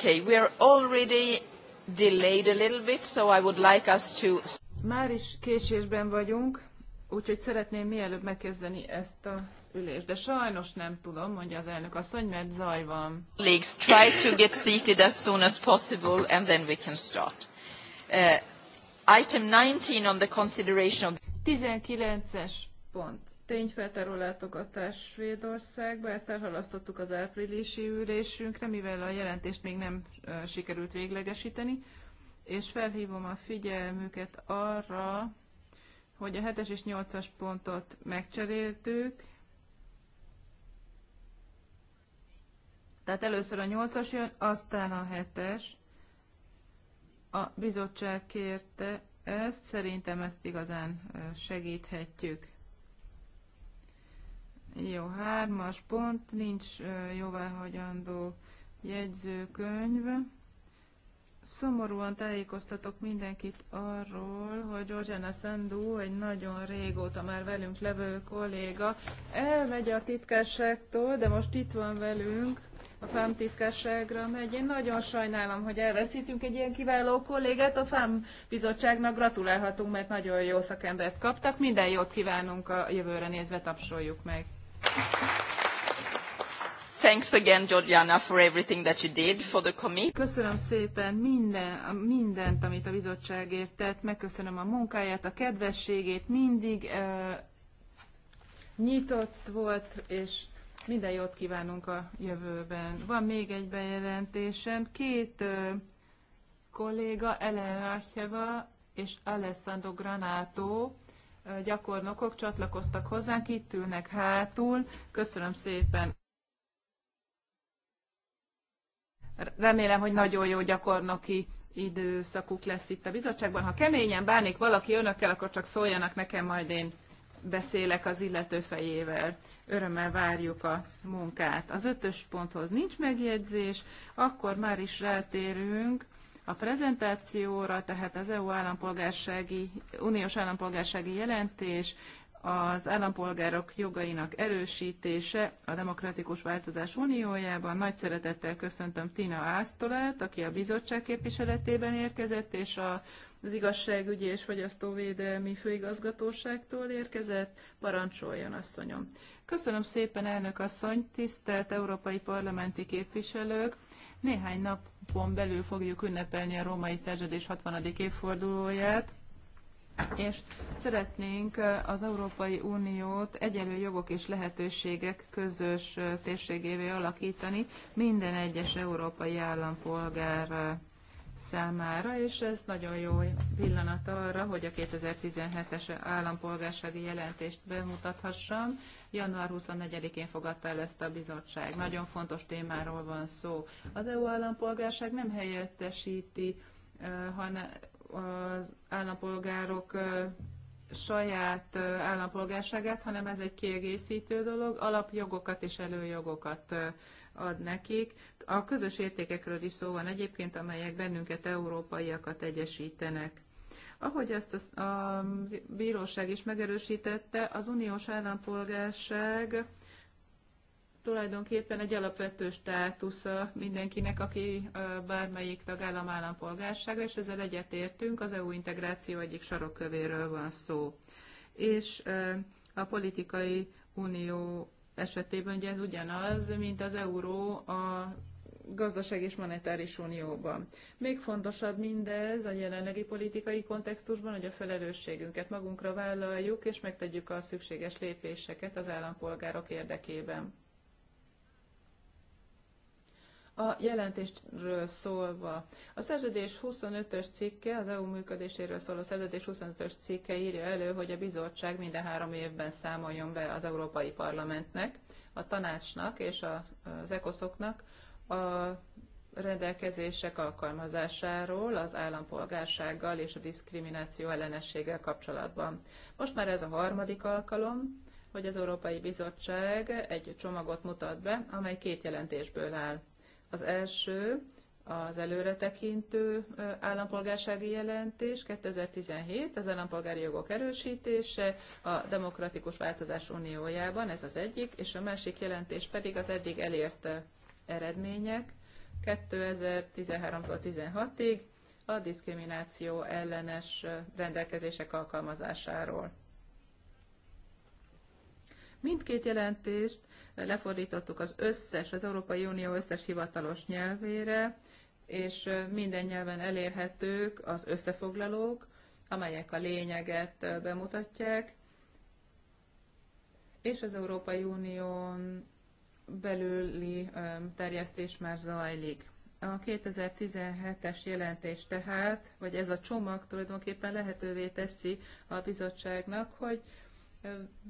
Okay, we are already delayed a little bit, so I would like us to... Már is késésben vagyunk, úgyhogy szeretném mielőbb megkezdeni ezt az ülést, de sajnos nem tudom, mondja az elnök asszony, mert zaj van. Colleagues, try to get seated as soon as possible, and then we can start. Uh, item 19 on the consideration of... 19-es pont tényfeltáró látogatás Svédországba, ezt elhalasztottuk az áprilisi ülésünkre, mivel a jelentést még nem sikerült véglegesíteni, és felhívom a figyelmüket arra, hogy a 7-es és 8-as pontot megcseréltük, tehát először a 8-as jön, aztán a 7-es. A bizottság kérte ezt, szerintem ezt igazán segíthetjük. Jó, hármas pont, nincs jóváhagyandó jegyzőkönyv. Szomorúan tájékoztatok mindenkit arról, hogy Georgiana Sandu, egy nagyon régóta már velünk levő kolléga, elmegy a titkárságtól, de most itt van velünk, a FAM titkárságra megy. Én nagyon sajnálom, hogy elveszítünk egy ilyen kiváló kollégát. A FAM bizottságnak gratulálhatunk, mert nagyon jó szakembert kaptak. Minden jót kívánunk a jövőre nézve, tapsoljuk meg. Thanks again, Georgiana, for everything that you did for the committee. Köszönöm szépen minden, mindent, amit a bizottságért tett. Megköszönöm a munkáját, a kedvességét. Mindig uh, nyitott volt, és minden jót kívánunk a jövőben. Van még egy bejelentésem. Két uh, kolléga, Ellen Racheva és Alessandro Granato gyakornokok csatlakoztak hozzánk, itt ülnek hátul. Köszönöm szépen. Remélem, hogy nagyon jó gyakornoki időszakuk lesz itt a bizottságban. Ha keményen bánik valaki önökkel, akkor csak szóljanak nekem, majd én beszélek az illető fejével. Örömmel várjuk a munkát. Az ötös ponthoz nincs megjegyzés, akkor már is rátérünk a prezentációra, tehát az EU állampolgársági, uniós állampolgársági jelentés, az állampolgárok jogainak erősítése a demokratikus változás uniójában. Nagy szeretettel köszöntöm Tina Ásztolát, aki a bizottság képviseletében érkezett, és a az igazságügyi és fogyasztóvédelmi főigazgatóságtól érkezett. Parancsoljon, asszonyom. Köszönöm szépen, elnök asszony, tisztelt európai parlamenti képviselők. Néhány nap napon belül fogjuk ünnepelni a római szerződés 60. évfordulóját, és szeretnénk az Európai Uniót egyenlő jogok és lehetőségek közös térségévé alakítani minden egyes európai állampolgár számára, és ez nagyon jó pillanat arra, hogy a 2017-es állampolgársági jelentést bemutathassam, Január 24-én fogadta el ezt a bizottság. Nagyon fontos témáról van szó. Az EU állampolgárság nem helyettesíti, hanem az állampolgárok saját állampolgárságát, hanem ez egy kiegészítő dolog, alapjogokat és előjogokat ad nekik. A közös értékekről is szó van egyébként, amelyek bennünket, európaiakat egyesítenek. Ahogy ezt a, a bíróság is megerősítette, az uniós állampolgárság tulajdonképpen egy alapvető státusz mindenkinek, aki bármelyik tagállam állampolgársága, és ezzel egyetértünk, az EU integráció egyik sarokkövéről van szó. És a politikai unió esetében ugye ez ugyanaz, mint az euró a gazdaság és monetáris unióban. Még fontosabb mindez a jelenlegi politikai kontextusban, hogy a felelősségünket magunkra vállaljuk, és megtegyük a szükséges lépéseket az állampolgárok érdekében. A jelentésről szólva. A szerződés 25-ös cikke, az EU működéséről szóló szerződés 25-ös cikke írja elő, hogy a bizottság minden három évben számoljon be az Európai Parlamentnek, a tanácsnak és az ekoszoknak a rendelkezések alkalmazásáról az állampolgársággal és a diszkrimináció ellenességgel kapcsolatban. Most már ez a harmadik alkalom, hogy az Európai Bizottság egy csomagot mutat be, amely két jelentésből áll. Az első az előretekintő állampolgársági jelentés 2017, az állampolgári jogok erősítése a demokratikus változás uniójában, ez az egyik, és a másik jelentés pedig az eddig elérte eredmények 2013-tól 16-ig a diszkrimináció ellenes rendelkezések alkalmazásáról. Mindkét jelentést lefordítottuk az összes, az Európai Unió összes hivatalos nyelvére, és minden nyelven elérhetők az összefoglalók, amelyek a lényeget bemutatják, és az Európai Unión belüli terjesztés már zajlik. A 2017-es jelentés tehát, vagy ez a csomag tulajdonképpen lehetővé teszi a bizottságnak, hogy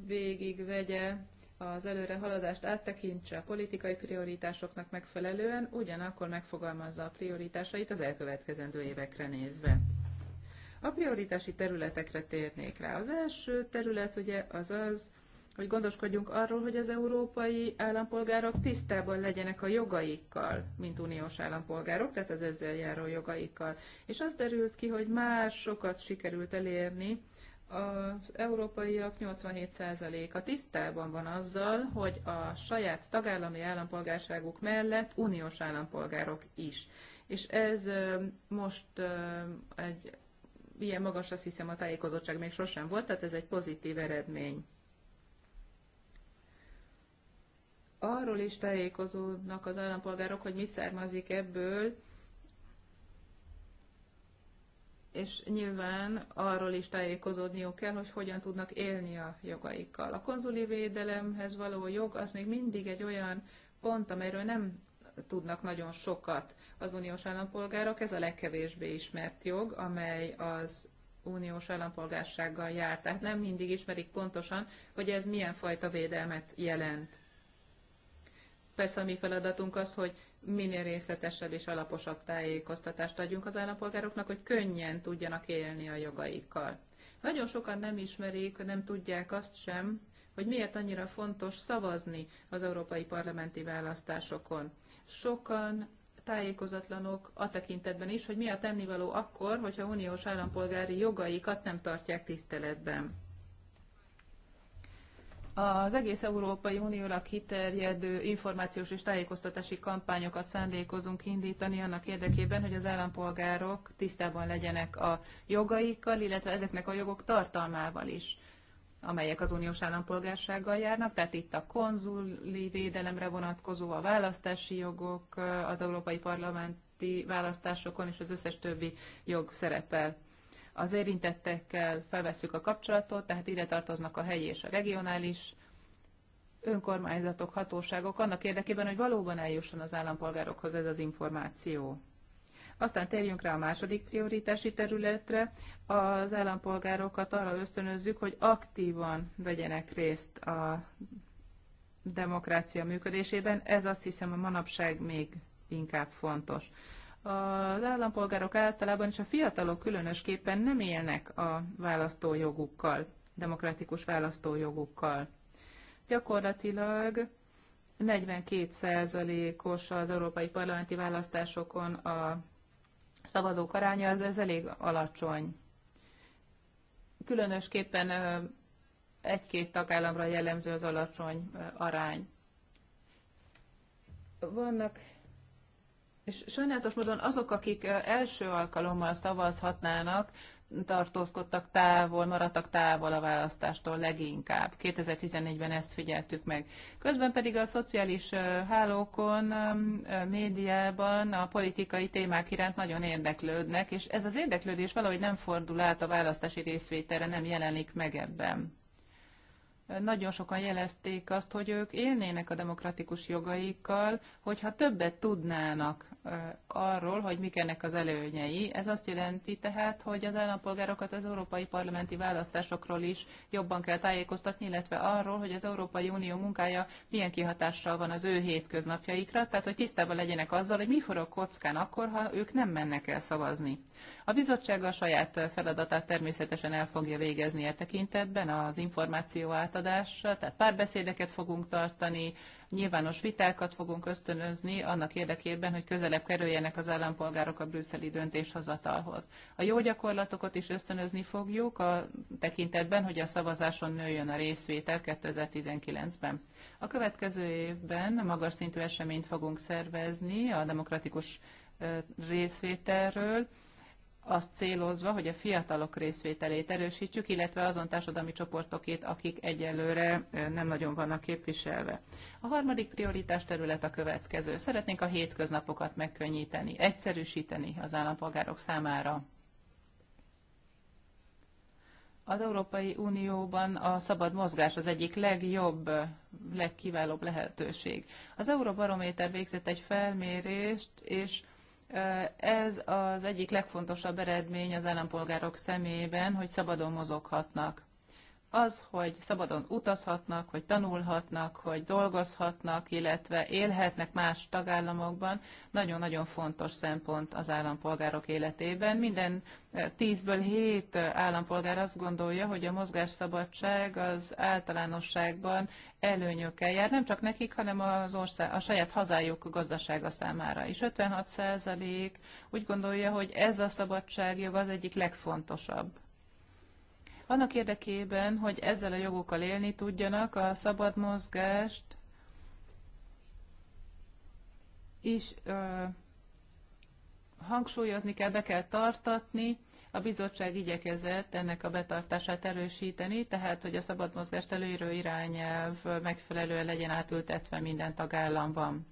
végigvegye az előre haladást áttekintse a politikai prioritásoknak megfelelően, ugyanakkor megfogalmazza a prioritásait az elkövetkezendő évekre nézve. A prioritási területekre térnék rá. Az első terület ugye az az, hogy gondoskodjunk arról, hogy az európai állampolgárok tisztában legyenek a jogaikkal, mint uniós állampolgárok, tehát az ezzel járó jogaikkal. És az derült ki, hogy már sokat sikerült elérni, az európaiak 87%-a tisztában van azzal, hogy a saját tagállami állampolgárságuk mellett uniós állampolgárok is. És ez most egy ilyen magas, azt hiszem, a tájékozottság még sosem volt, tehát ez egy pozitív eredmény. arról is tájékozódnak az állampolgárok, hogy mi származik ebből, és nyilván arról is tájékozódniuk kell, hogy hogyan tudnak élni a jogaikkal. A konzuli védelemhez való jog az még mindig egy olyan pont, amelyről nem tudnak nagyon sokat az uniós állampolgárok. Ez a legkevésbé ismert jog, amely az uniós állampolgársággal jár. Tehát nem mindig ismerik pontosan, hogy ez milyen fajta védelmet jelent. Persze a mi feladatunk az, hogy minél részletesebb és alaposabb tájékoztatást adjunk az állampolgároknak, hogy könnyen tudjanak élni a jogaikkal. Nagyon sokan nem ismerik, nem tudják azt sem, hogy miért annyira fontos szavazni az európai parlamenti választásokon. Sokan tájékozatlanok a tekintetben is, hogy mi a tennivaló akkor, hogyha uniós állampolgári jogaikat nem tartják tiszteletben az egész Európai Unióra kiterjedő információs és tájékoztatási kampányokat szándékozunk indítani annak érdekében, hogy az állampolgárok tisztában legyenek a jogaikkal, illetve ezeknek a jogok tartalmával is amelyek az uniós állampolgársággal járnak, tehát itt a konzuli védelemre vonatkozó, a választási jogok, az európai parlamenti választásokon és az összes többi jog szerepel. Az érintettekkel felvesszük a kapcsolatot, tehát ide tartoznak a helyi és a regionális önkormányzatok, hatóságok, annak érdekében, hogy valóban eljusson az állampolgárokhoz ez az információ. Aztán térjünk rá a második prioritási területre. Az állampolgárokat arra ösztönözzük, hogy aktívan vegyenek részt a demokrácia működésében. Ez azt hiszem a manapság még inkább fontos az állampolgárok általában és a fiatalok különösképpen nem élnek a választójogukkal, demokratikus választójogukkal. Gyakorlatilag 42%-os az európai parlamenti választásokon a szavazók aránya, az ez elég alacsony. Különösképpen egy-két tagállamra jellemző az alacsony arány. Vannak és sajnálatos módon azok, akik első alkalommal szavazhatnának, tartózkodtak távol, maradtak távol a választástól leginkább. 2014-ben ezt figyeltük meg. Közben pedig a szociális hálókon, médiában a politikai témák iránt nagyon érdeklődnek, és ez az érdeklődés valahogy nem fordul át a választási részvételre, nem jelenik meg ebben nagyon sokan jelezték azt, hogy ők élnének a demokratikus jogaikkal, hogyha többet tudnának arról, hogy mik ennek az előnyei. Ez azt jelenti tehát, hogy az állampolgárokat az európai parlamenti választásokról is jobban kell tájékoztatni, illetve arról, hogy az Európai Unió munkája milyen kihatással van az ő hétköznapjaikra, tehát hogy tisztában legyenek azzal, hogy mi forog kockán akkor, ha ők nem mennek el szavazni. A bizottság a saját feladatát természetesen el fogja végezni e tekintetben, az információ átadás, tehát párbeszédeket fogunk tartani, nyilvános vitákat fogunk ösztönözni annak érdekében, hogy közelebb kerüljenek az állampolgárok a brüsszeli döntéshozatalhoz. A jó gyakorlatokat is ösztönözni fogjuk a tekintetben, hogy a szavazáson nőjön a részvétel 2019-ben. A következő évben magas szintű eseményt fogunk szervezni a demokratikus részvételről, azt célozva, hogy a fiatalok részvételét erősítsük, illetve azon társadalmi csoportokét, akik egyelőre nem nagyon vannak képviselve. A harmadik prioritás terület a következő. Szeretnénk a hétköznapokat megkönnyíteni, egyszerűsíteni az állampolgárok számára. Az Európai Unióban a szabad mozgás az egyik legjobb, legkiválóbb lehetőség. Az Euróbarométer végzett egy felmérést, és ez az egyik legfontosabb eredmény az állampolgárok szemében, hogy szabadon mozoghatnak az, hogy szabadon utazhatnak, hogy tanulhatnak, hogy dolgozhatnak, illetve élhetnek más tagállamokban, nagyon-nagyon fontos szempont az állampolgárok életében. Minden eh, tízből hét eh, állampolgár azt gondolja, hogy a mozgásszabadság az általánosságban előnyökkel jár, nem csak nekik, hanem az ország, a saját hazájuk gazdasága számára is. 56% úgy gondolja, hogy ez a szabadságjog az egyik legfontosabb annak érdekében, hogy ezzel a jogokkal élni tudjanak, a szabad mozgást is ö, hangsúlyozni kell, be kell tartatni. A bizottság igyekezett ennek a betartását erősíteni, tehát hogy a szabad mozgást előírő irányelv megfelelően legyen átültetve minden tagállamban.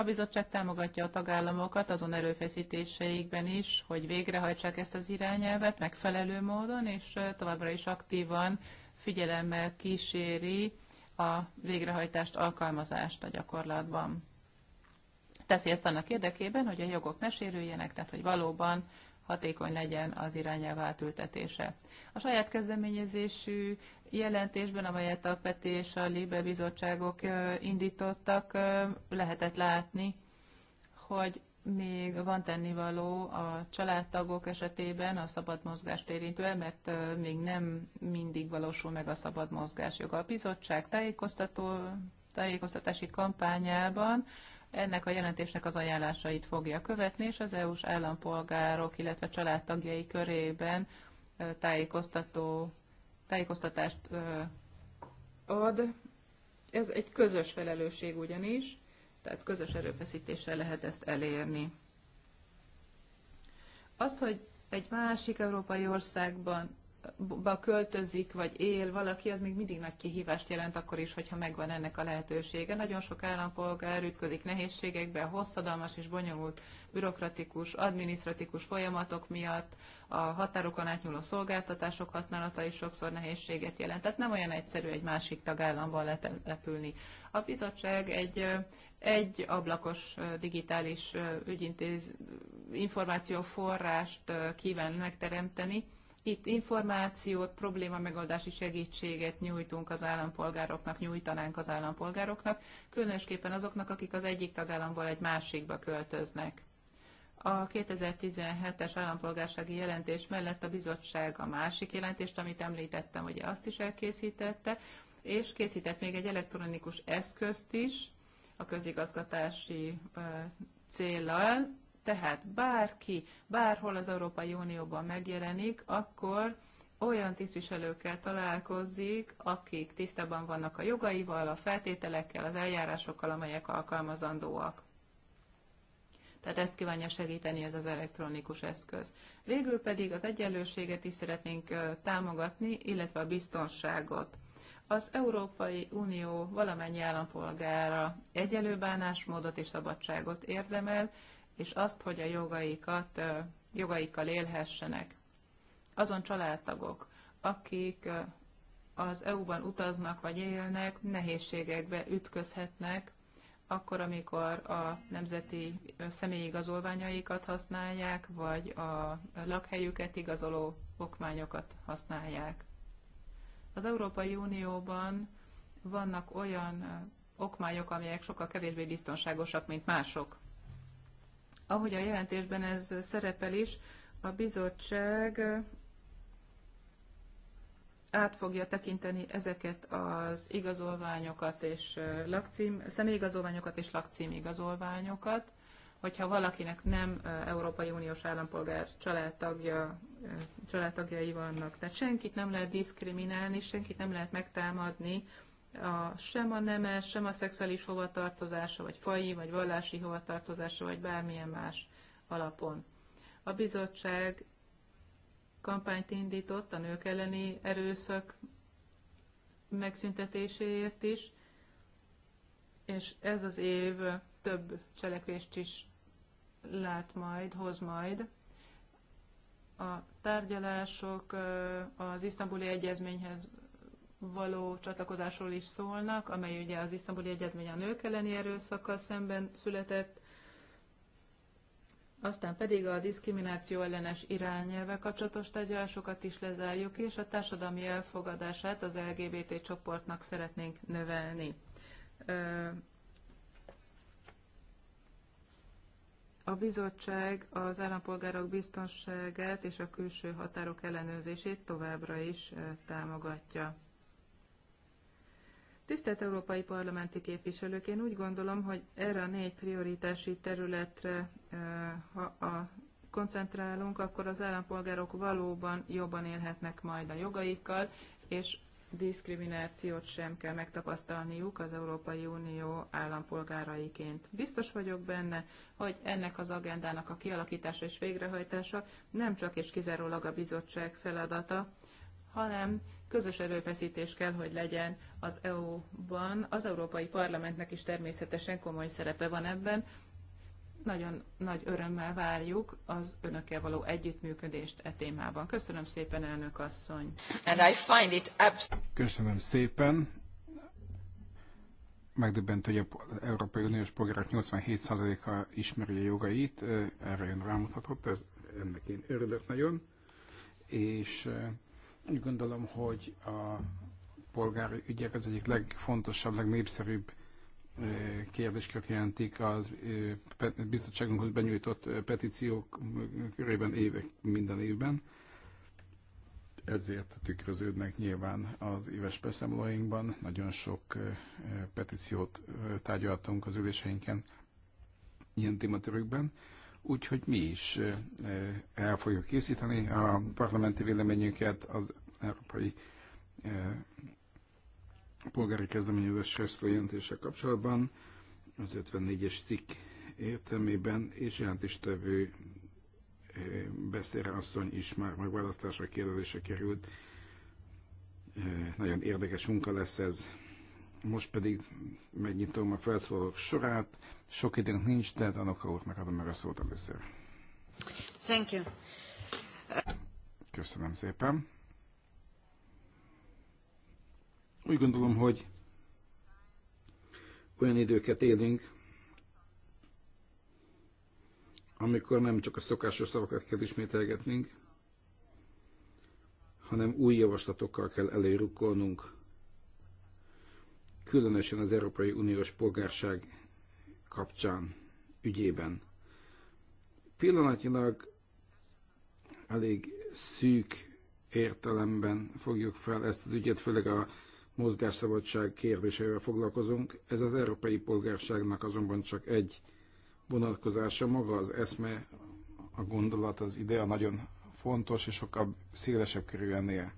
A bizottság támogatja a tagállamokat azon erőfeszítéseikben is, hogy végrehajtsák ezt az irányelvet megfelelő módon, és továbbra is aktívan figyelemmel kíséri a végrehajtást, alkalmazást a gyakorlatban. Teszi ezt annak érdekében, hogy a jogok ne sérüljenek, tehát hogy valóban hatékony legyen az irányelv átültetése. A saját kezdeményezésű jelentésben, amelyet a PETI és a LIBE bizottságok indítottak, lehetett látni, hogy még van tennivaló a családtagok esetében a szabad mozgást érintően, mert még nem mindig valósul meg a szabad mozgás joga. A bizottság tájékoztató, tájékoztatási kampányában ennek a jelentésnek az ajánlásait fogja követni, és az EU-s állampolgárok, illetve családtagjai körében tájékoztató tájékoztatást ad. Ez egy közös felelősség ugyanis, tehát közös erőfeszítéssel lehet ezt elérni. Az, hogy egy másik európai országban ba költözik vagy él valaki, az még mindig nagy kihívást jelent akkor is, hogyha megvan ennek a lehetősége. Nagyon sok állampolgár ütközik nehézségekbe, hosszadalmas és bonyolult bürokratikus, adminisztratikus folyamatok miatt, a határokon átnyúló szolgáltatások használata is sokszor nehézséget jelent. Tehát nem olyan egyszerű egy másik tagállamban letelepülni. A bizottság egy egy ablakos digitális ügyintéz információforrást kíván megteremteni, itt információt, probléma megoldási segítséget nyújtunk az állampolgároknak, nyújtanánk az állampolgároknak, különösképpen azoknak, akik az egyik tagállamból egy másikba költöznek. A 2017-es állampolgársági jelentés mellett a bizottság a másik jelentést, amit említettem, ugye azt is elkészítette, és készített még egy elektronikus eszközt is a közigazgatási célral, tehát bárki, bárhol az Európai Unióban megjelenik, akkor olyan tisztviselőkkel találkozik, akik tisztában vannak a jogaival, a feltételekkel, az eljárásokkal, amelyek alkalmazandóak. Tehát ezt kívánja segíteni ez az elektronikus eszköz. Végül pedig az egyenlőséget is szeretnénk támogatni, illetve a biztonságot. Az Európai Unió valamennyi állampolgára egyenlő bánásmódot és szabadságot érdemel, és azt, hogy a jogaikat, jogaikkal élhessenek. Azon családtagok, akik az EU-ban utaznak vagy élnek, nehézségekbe ütközhetnek, akkor, amikor a nemzeti személyi igazolványaikat használják, vagy a lakhelyüket igazoló okmányokat használják. Az Európai Unióban vannak olyan okmányok, amelyek sokkal kevésbé biztonságosak, mint mások. Ahogy a jelentésben ez szerepel is, a bizottság át fogja tekinteni ezeket az igazolványokat és lakcím, személyigazolványokat és lakcímigazolványokat, hogyha valakinek nem Európai Uniós állampolgár családtagja, családtagjai vannak. Tehát senkit nem lehet diszkriminálni, senkit nem lehet megtámadni a, sem a nemes, sem a szexuális hovatartozása, vagy faji, vagy vallási hovatartozása, vagy bármilyen más alapon. A bizottság kampányt indított a nők elleni erőszak megszüntetéséért is, és ez az év több cselekvést is lát majd, hoz majd. A tárgyalások az isztambuli egyezményhez való csatlakozásról is szólnak, amely ugye az isztambuli egyezmény a nők elleni erőszakkal szemben született, aztán pedig a diszkrimináció ellenes irányelve kapcsolatos tárgyalásokat is lezárjuk, és a társadalmi elfogadását az LGBT csoportnak szeretnénk növelni. A bizottság az állampolgárok biztonságát és a külső határok ellenőrzését továbbra is támogatja. Tisztelt Európai Parlamenti képviselők, én úgy gondolom, hogy erre a négy prioritási területre, ha a koncentrálunk, akkor az állampolgárok valóban jobban élhetnek majd a jogaikkal, és diszkriminációt sem kell megtapasztalniuk az Európai Unió állampolgáraiként. Biztos vagyok benne, hogy ennek az agendának a kialakítása és végrehajtása nem csak és kizárólag a bizottság feladata, hanem közös erőfeszítés kell, hogy legyen az EU-ban. Az Európai Parlamentnek is természetesen komoly szerepe van ebben. Nagyon nagy örömmel várjuk az önökkel való együttműködést e témában. Köszönöm szépen, elnök asszony. And I find it Köszönöm szépen. Megdöbbent, hogy a Európai Uniós polgárok 87%-a ismeri a jogait, erre ön rámutatott, ez, ennek én örülök nagyon, és úgy gondolom, hogy a polgári ügyek az egyik legfontosabb, legnépszerűbb kérdéskört jelentik a bizottságunkhoz benyújtott petíciók körében évek, minden évben. Ezért tükröződnek nyilván az éves beszámolóinkban. Nagyon sok petíciót tárgyaltunk az üléseinken ilyen tématörökben. Úgyhogy mi is el fogjuk készíteni a parlamenti véleményünket az európai polgári Kezdeményezés szóló kapcsolatban, az 54-es cikk értelmében, és jelentéstevő beszélre asszony is már megválasztásra kérdezése került. Nagyon érdekes munka lesz ez. Most pedig megnyitom a felszólalók sorát. Sok időnk nincs, de Anoka úrnak megadom meg a szót először. Thank you. Köszönöm szépen. Úgy gondolom, hogy olyan időket élünk, amikor nem csak a szokásos szavakat kell ismételgetnünk, hanem új javaslatokkal kell előrukkolnunk különösen az Európai Uniós polgárság kapcsán, ügyében. Pillanatnyilag elég szűk értelemben fogjuk fel ezt az ügyet, főleg a mozgásszabadság kérdéseivel foglalkozunk. Ez az európai polgárságnak azonban csak egy vonatkozása maga, az eszme, a gondolat, az idea nagyon fontos és sokkal szélesebb körül ennél.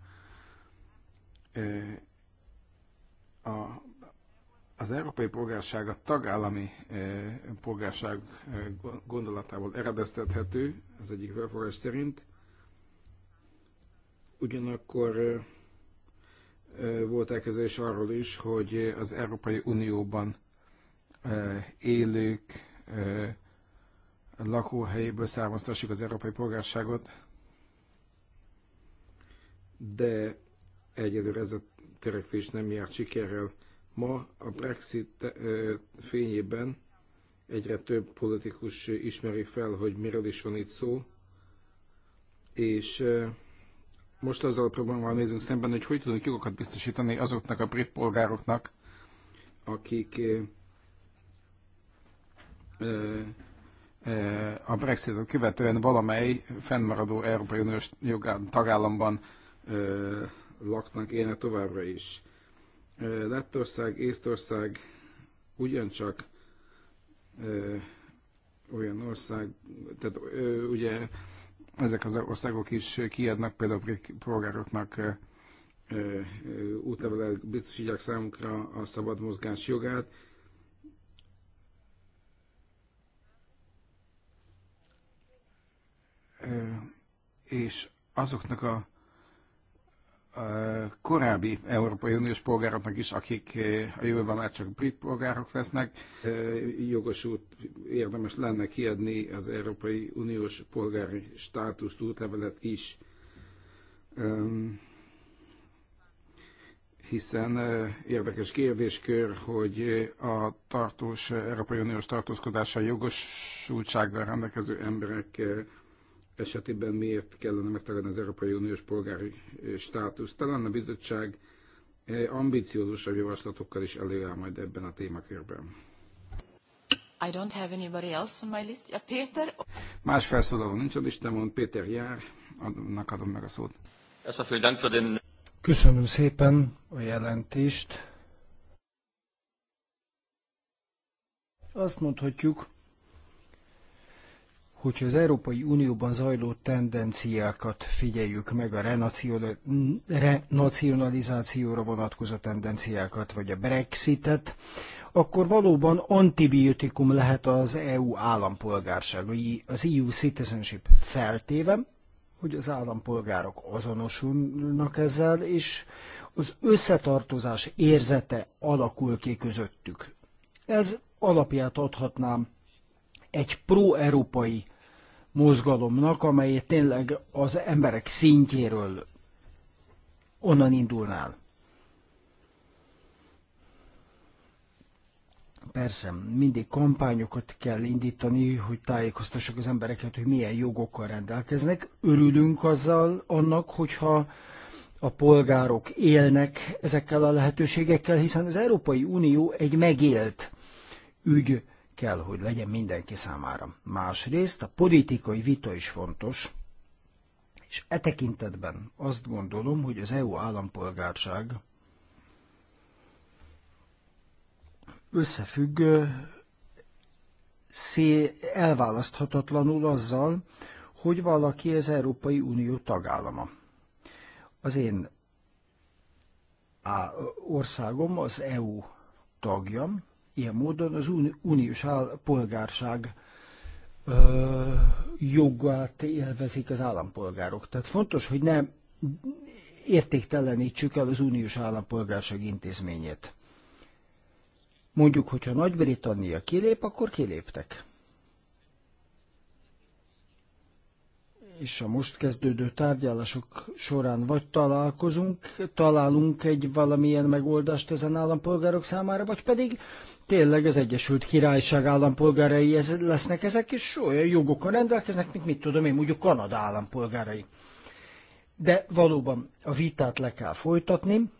E, a az európai polgárság a tagállami eh, polgárság eh, gondolatából eredeztethető, az egyik felforrás szerint. Ugyanakkor eh, volt elképzelés arról is, hogy az Európai Unióban élők lakóhelyéből származtassuk az európai polgárságot, de egyelőre ez a törekvés nem járt sikerrel Ma a Brexit eh, fényében egyre több politikus ismeri fel, hogy miről is van itt szó, és eh, most azzal a problémával nézünk szemben, hogy hogy tudunk jogokat biztosítani azoknak a brit polgároknak, akik eh, a Brexit követően valamely fennmaradó Európai Uniós jogán tagállamban laknak, élnek továbbra is. Lettország, Észtország ugyancsak olyan ország, tehát ugye ezek az országok is kiadnak például brit polgároknak útlevelet biztosítják számukra a szabad mozgás jogát. és azoknak a korábbi Európai Uniós polgároknak is, akik eh, a jövőben már csak brit polgárok lesznek, eh, jogosult érdemes lenne kiadni az Európai Uniós polgári státuszt, útlevelet is, ehm, hiszen eh, érdekes kérdéskör, hogy a tartós, Európai Uniós tartózkodással jogosultsággal rendelkező emberek esetében miért kellene megtagadni az Európai Uniós polgári státuszt. Talán a bizottság ambiciózusabb javaslatokkal is előáll majd ebben a témakörben. I don't have anybody else on my list. Yeah, Péter? Más felszólaló nincs a listámon. Péter jár, annak adom meg a szót. Köszönöm szépen a jelentést. Azt mondhatjuk, hogyha az Európai Unióban zajló tendenciákat figyeljük meg, a renacionalizációra vonatkozó tendenciákat, vagy a Brexitet, akkor valóban antibiotikum lehet az EU állampolgársága, az EU citizenship feltéve, hogy az állampolgárok azonosulnak ezzel, és az összetartozás érzete alakul ki közöttük. Ez alapját adhatnám egy pro-európai mozgalomnak, amely tényleg az emberek szintjéről onnan indulnál. Persze, mindig kampányokat kell indítani, hogy tájékoztassak az embereket, hogy milyen jogokkal rendelkeznek. Örülünk azzal annak, hogyha a polgárok élnek ezekkel a lehetőségekkel, hiszen az Európai Unió egy megélt ügy kell, hogy legyen mindenki számára. Másrészt a politikai vita is fontos, és e tekintetben azt gondolom, hogy az EU állampolgárság összefügg elválaszthatatlanul azzal, hogy valaki az Európai Unió tagállama. Az én országom az EU tagjam, Ilyen módon az uniós polgárság ö, jogát élvezik az állampolgárok. Tehát fontos, hogy ne értéktelenítsük el az uniós állampolgárság intézményét. Mondjuk, hogyha Nagy-Britannia kilép, akkor kiléptek. és a most kezdődő tárgyalások során vagy találkozunk, találunk egy valamilyen megoldást ezen állampolgárok számára, vagy pedig tényleg az Egyesült Királyság állampolgárai ez, lesznek ezek, és olyan jogokon rendelkeznek, mint mit tudom én, mondjuk Kanada állampolgárai. De valóban a vitát le kell folytatni,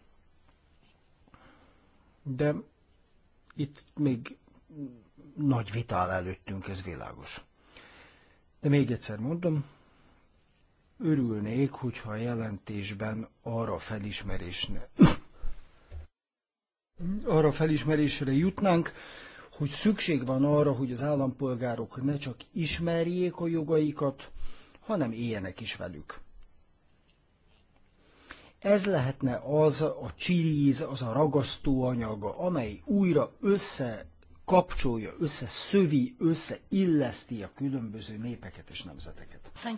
de itt még nagy vitál előttünk, ez világos. De még egyszer mondom, örülnék, hogyha a jelentésben arra felismerésne. arra felismerésre jutnánk, hogy szükség van arra, hogy az állampolgárok ne csak ismerjék a jogaikat, hanem éljenek is velük. Ez lehetne az a csiríz, az a ragasztóanyaga, amely újra össze kapcsolja, összeszövi, összeilleszti a különböző népeket és nemzeteket a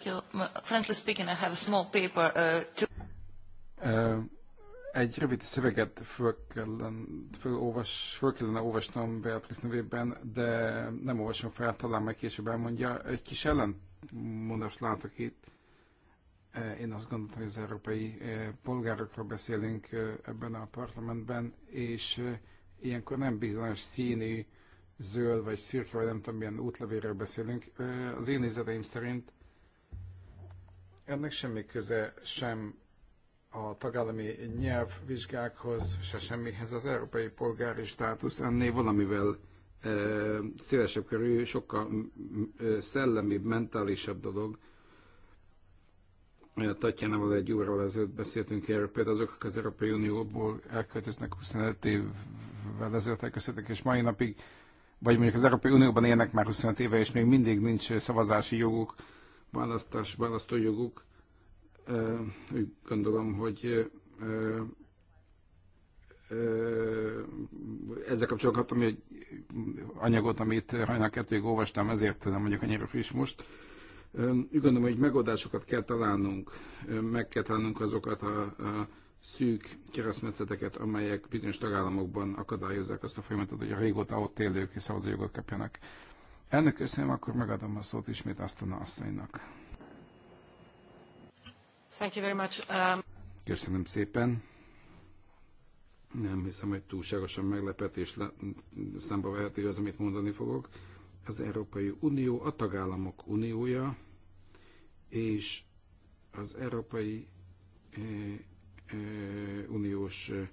egy rövid szöveget föl kellene, föl olvas, föl kellene olvasnom Beatrice nevében, de nem olvasom fel, talán meg később elmondja. Egy kis ellentmondást látok itt. Én azt gondolom, hogy az európai polgárokról beszélünk ebben a parlamentben, és ilyenkor nem bizonyos színű, zöld vagy szürke, vagy nem tudom milyen útlevéről beszélünk. Az én nézeteim szerint ennek semmi köze sem a tagállami nyelvvizsgákhoz, se semmihez az európai polgári státusz ennél valamivel e, szélesebb körű, sokkal e, szellemibb, mentálisabb dolog. E, Tatjánával egy óra ezelőtt beszéltünk erről, például azok, akik az Európai Unióból elköltöznek 25 évvel ezelőtt elköszöntek, és mai napig, vagy mondjuk az Európai Unióban élnek már 25 éve, és még mindig nincs szavazási joguk, választás, választójoguk, úgy gondolom, hogy ezzel kapcsolatban kaptam egy anyagot, amit hajnal kettőig olvastam, ezért nem mondjuk annyira friss most. Úgy gondolom, hogy megoldásokat kell találnunk, meg kell találnunk azokat a, a szűk keresztmetszeteket, amelyek bizonyos tagállamokban akadályozzák azt a folyamatot, hogy a régóta ott élők szavazójogot kapjanak. Elnök, köszönöm, akkor megadom a szót ismét Asztana asszonynak. Thank you very much. Um... Köszönöm szépen. Nem hiszem, hogy túlságosan meglepetés számba vehető az, amit mondani fogok. Az Európai Unió a tagállamok uniója, és az Európai e, e, Uniós eh,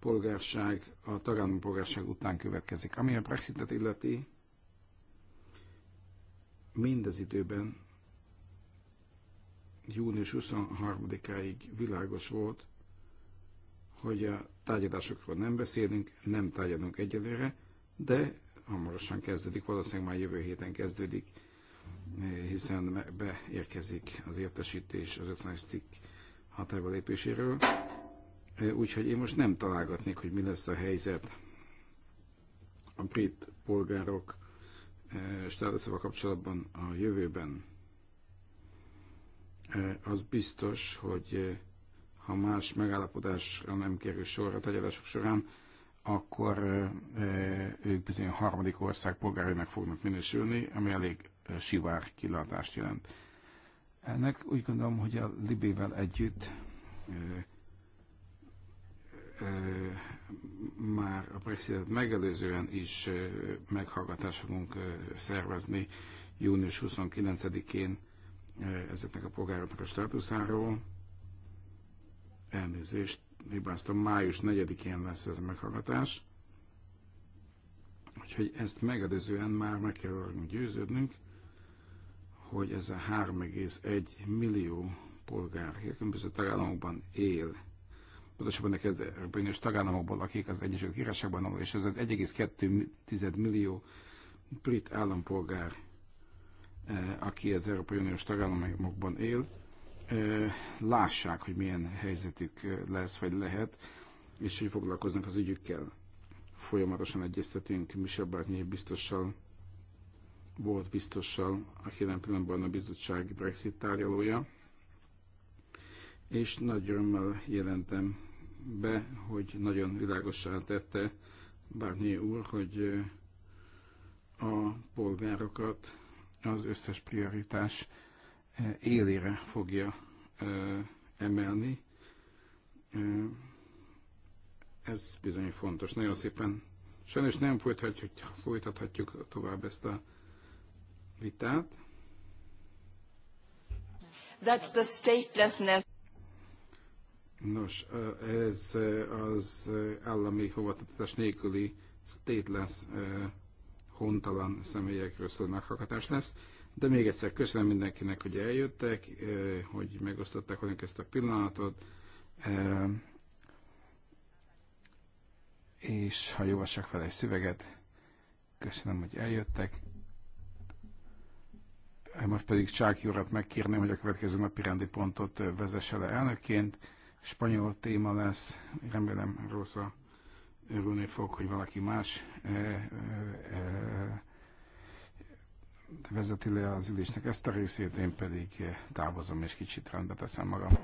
polgárság a tagállami polgárság után következik. Ami a Brexitet illeti, mindez időben június 23-áig világos volt, hogy a tárgyalásokról nem beszélünk, nem tárgyalunk egyelőre, de hamarosan kezdődik, valószínűleg már jövő héten kezdődik, hiszen beérkezik az értesítés az 50 cikk hatályba lépéséről. Úgyhogy én most nem találgatnék, hogy mi lesz a helyzet a brit polgárok státuszával kapcsolatban a jövőben, e, az biztos, hogy e, ha más megállapodásra nem kerül sor a tegyelások során, akkor e, ők bizony a harmadik ország polgárainak fognak minősülni, ami elég sivár kilátást jelent. Ennek úgy gondolom, hogy a Libével együtt már a Brexitet megelőzően is meghallgatást fogunk szervezni június 29-én ezeknek a polgároknak a státuszáról. Elnézést, hibáztam, május 4-én lesz ez a meghallgatás. Úgyhogy ezt megelőzően már meg kell győződnünk, hogy ez a 3,1 millió polgár, a különböző tagállamokban él, pontosabban a az Európai Uniós tagállamokból, akik az Egyesült Királyságban ahol, és ez az 1,2 millió brit állampolgár, eh, aki az Európai Uniós tagállamokban él, eh, lássák, hogy milyen helyzetük eh, lesz vagy lehet, és hogy foglalkoznak az ügyükkel. Folyamatosan egyeztetünk Michel Barnier biztossal, volt biztossal, aki jelen pillanatban a bizottság Brexit tárgyalója, és nagy örömmel jelentem be, hogy nagyon világosá tette Barnier úr, hogy eh, a polgárokat az összes prioritás eh, élére fogja eh, emelni. Ez bizony fontos. Nagyon szépen sajnos nem folytathatjuk, folytathatjuk tovább ezt a vitát. That's the statelessness. Nos, ez az állami hovatartozás nélküli stateless hontalan személyekről szól meghallgatás lesz. De még egyszer köszönöm mindenkinek, hogy eljöttek, hogy megosztották velünk ezt a pillanatot. És ha jóvassak fel egy szöveget, köszönöm, hogy eljöttek. Most pedig Csáki urat megkérném, hogy a következő napi rendi pontot vezesse le elnökként spanyol téma lesz, remélem Rosa örülni fog, hogy valaki más e, e, e, vezeti le az ülésnek ezt a részét, én pedig távozom és kicsit rendbe teszem magam.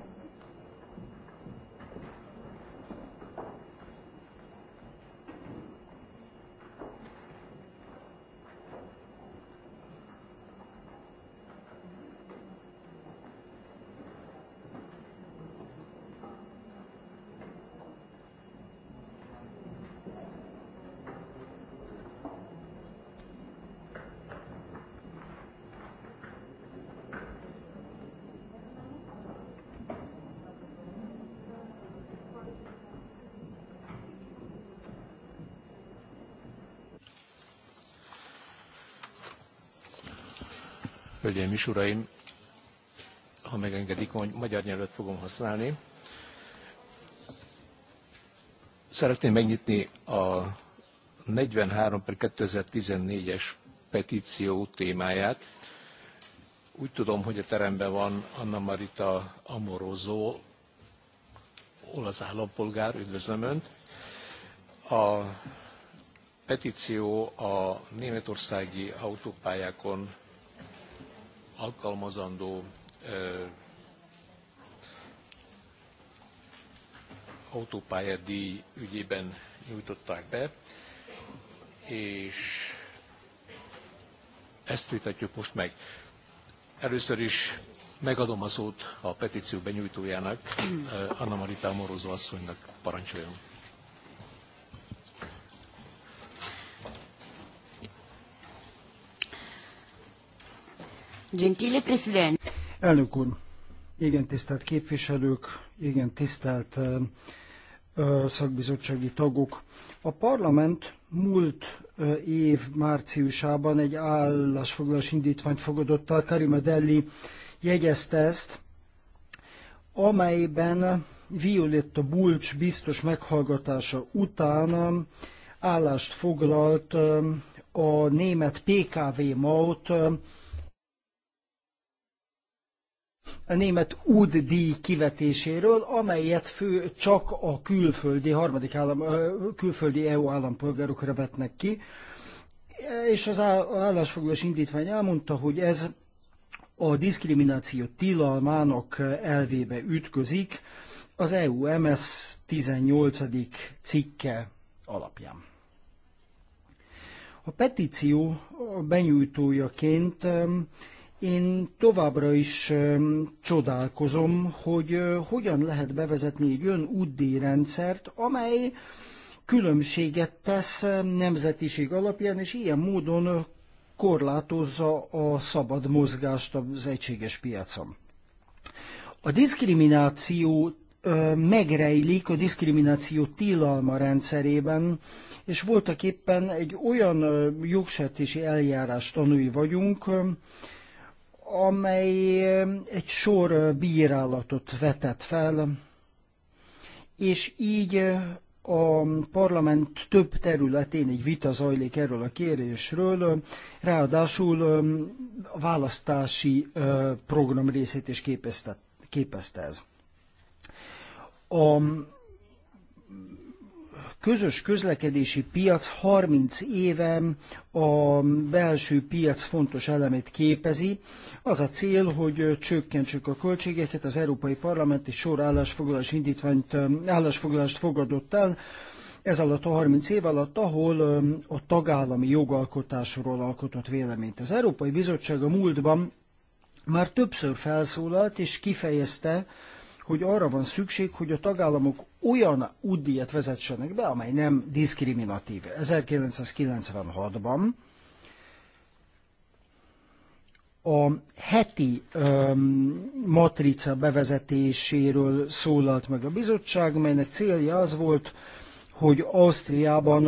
Hölgyeim és Uraim, ha megengedik, magyar nyelvet fogom használni. Szeretném megnyitni a 43 per 2014-es petíció témáját. Úgy tudom, hogy a teremben van Anna Marita Amorozó, olasz állampolgár, üdvözlöm Önt. A petíció a németországi autópályákon alkalmazandó autópályadíj ügyében nyújtották be, és ezt vitatjuk most meg. Először is megadom a szót a petíció benyújtójának, Anna Marita Morozó asszonynak parancsoljon. Gentile Presidente. Elnök úr, igen tisztelt képviselők, igen tisztelt szakbizottsági tagok. A parlament múlt év márciusában egy állásfoglalás indítványt fogadott el, Karima Delli jegyezte ezt, amelyben Violetta Bulcs biztos meghallgatása után állást foglalt a német PKV maut a német útdíj kivetéséről, amelyet fő csak a külföldi, harmadik állam, külföldi EU állampolgárokra vetnek ki. És az állásfoglalás indítvány elmondta, hogy ez a diszkrimináció tilalmának elvébe ütközik az EU-MS 18. cikke alapján. A petíció benyújtójaként én továbbra is csodálkozom, hogy hogyan lehet bevezetni egy olyan útdíjrendszert, amely különbséget tesz nemzetiség alapján, és ilyen módon korlátozza a szabad mozgást az egységes piacon. A diszkrimináció megrejlik a diszkrimináció tilalma rendszerében, és voltak éppen egy olyan jogsértési eljárás tanúi vagyunk, amely egy sor bírálatot vetett fel, és így a parlament több területén egy vita zajlik erről a kérésről, ráadásul a választási program részét is képezte, képezte ez. A közös közlekedési piac 30 éve a belső piac fontos elemét képezi. Az a cél, hogy csökkentsük a költségeket, az Európai Parlament egy sor állásfoglalás indítványt, állásfoglalást fogadott el, ez alatt a 30 év alatt, ahol a tagállami jogalkotásról alkotott véleményt. Az Európai Bizottság a múltban már többször felszólalt és kifejezte, hogy arra van szükség, hogy a tagállamok olyan útdíjat vezetsenek be, amely nem diszkriminatív. 1996-ban a heti um, matrica bevezetéséről szólalt meg a bizottság, melynek célja az volt, hogy Ausztriában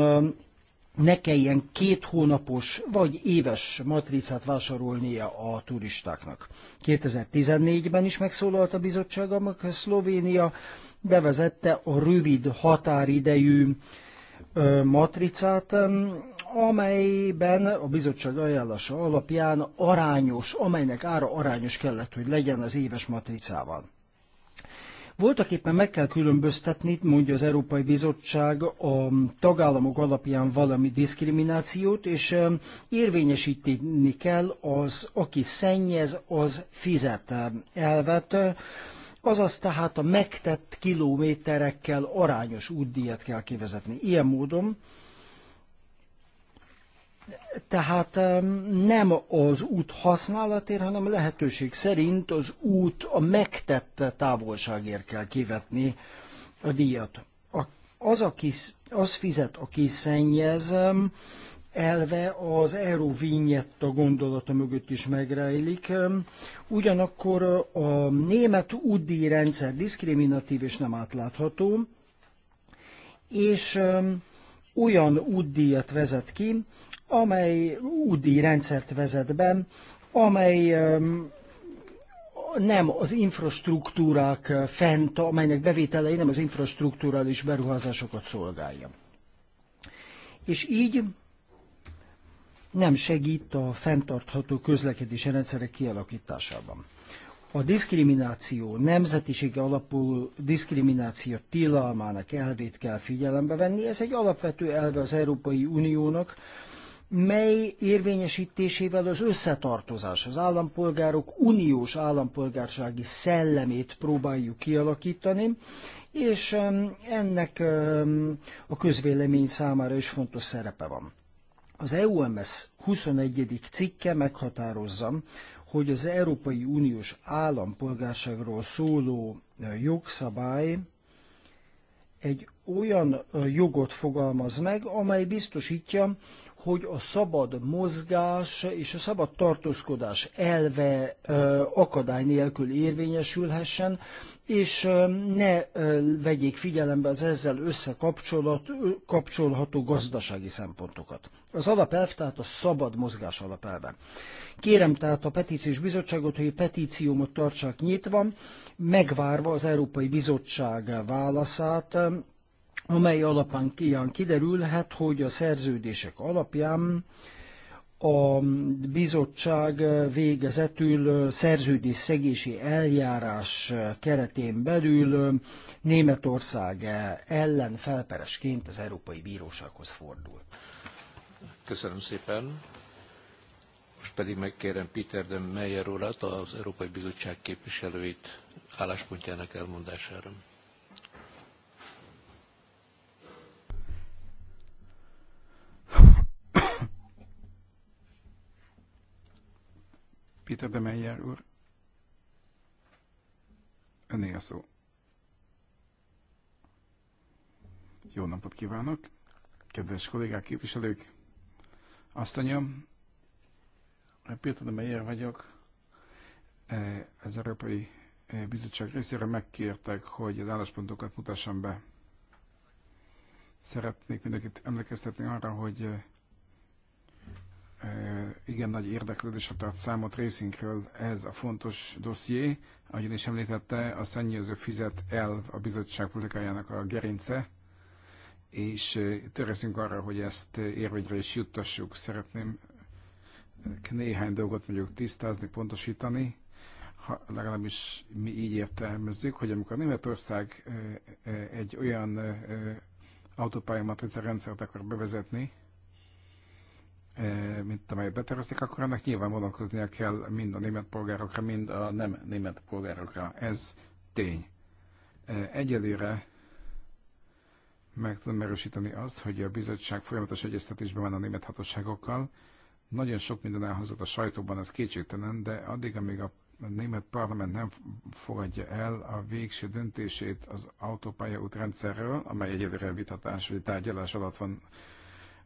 ne kelljen két hónapos vagy éves matricát vásárolnia a turistáknak. 2014-ben is megszólalt a bizottság, amikor Szlovénia bevezette a rövid határidejű matricát, amelyben a bizottság ajánlása alapján arányos, amelynek ára arányos kellett, hogy legyen az éves matricával. Voltak éppen meg kell különböztetni, mondja az Európai Bizottság, a tagállamok alapján valami diszkriminációt, és érvényesíteni kell az, aki szennyez, az fizet elvet, azaz tehát a megtett kilométerekkel arányos útdíjat kell kivezetni. Ilyen módon tehát nem az út használatért, hanem lehetőség szerint az út a megtett távolságért kell kivetni a díjat. Az, aki, az fizet, aki szennyez, elve az a gondolata mögött is megrejlik. Ugyanakkor a német UDI rendszer diszkriminatív és nem átlátható, és olyan útdíjat vezet ki, amely údi rendszert vezet be, amely nem az infrastruktúrák fent, amelynek bevételei nem az infrastruktúrális beruházásokat szolgálja. És így nem segít a fenntartható közlekedési rendszerek kialakításában. A diszkrimináció, nemzetiség alapú diszkrimináció tilalmának elvét kell figyelembe venni. Ez egy alapvető elve az Európai Uniónak, mely érvényesítésével az összetartozás, az állampolgárok uniós állampolgársági szellemét próbáljuk kialakítani, és ennek a közvélemény számára is fontos szerepe van. Az EUMS 21. cikke meghatározza, hogy az Európai Uniós állampolgárságról szóló jogszabály egy olyan jogot fogalmaz meg, amely biztosítja, hogy a szabad mozgás és a szabad tartózkodás elve akadály nélkül érvényesülhessen, és ne vegyék figyelembe az ezzel összekapcsolható gazdasági szempontokat. Az alapelv tehát a szabad mozgás alapelve. Kérem tehát a petíciós bizottságot, hogy a petíciómot tartsák nyitva, megvárva az Európai Bizottság válaszát, amely alapán ilyen kiderülhet, hogy a szerződések alapján a bizottság végezetül szegési eljárás keretén belül Németország ellen felperesként az Európai Bírósághoz fordul. Köszönöm szépen. Most pedig megkérem Peter de Meyer urat, az Európai Bizottság képviselőit álláspontjának elmondására. Peter de Meyer úr. Önné a szó. Jó napot kívánok! Kedves kollégák, képviselők! mondjam, Péter de Meyer vagyok. E, az Európai e, Bizottság részére megkértek, hogy az álláspontokat mutassam be. Szeretnék mindenkit emlékeztetni arra, hogy e, igen nagy érdeklődésre tart számot részünkről ez a fontos dosszié. ahogy is említette, a szennyező fizet el a bizottság politikájának a gerince, és törekszünk arra, hogy ezt érvényre is juttassuk. Szeretném néhány dolgot mondjuk tisztázni, pontosítani, ha, legalábbis mi így értelmezzük, hogy amikor Németország egy olyan autópályamatrice rendszert akar bevezetni, E, mint amelyet betervezték, akkor ennek nyilván vonatkoznia kell mind a német polgárokra, mind a nem német polgárokra. Ez tény. E, egyelőre meg tudom erősíteni azt, hogy a bizottság folyamatos egyeztetésben van a német hatóságokkal. Nagyon sok minden elhozott a sajtóban, ez kétségtelen, de addig, amíg a német parlament nem fogadja el a végső döntését az autópályaútrendszerről, amely egyelőre vitatás vagy tárgyalás alatt van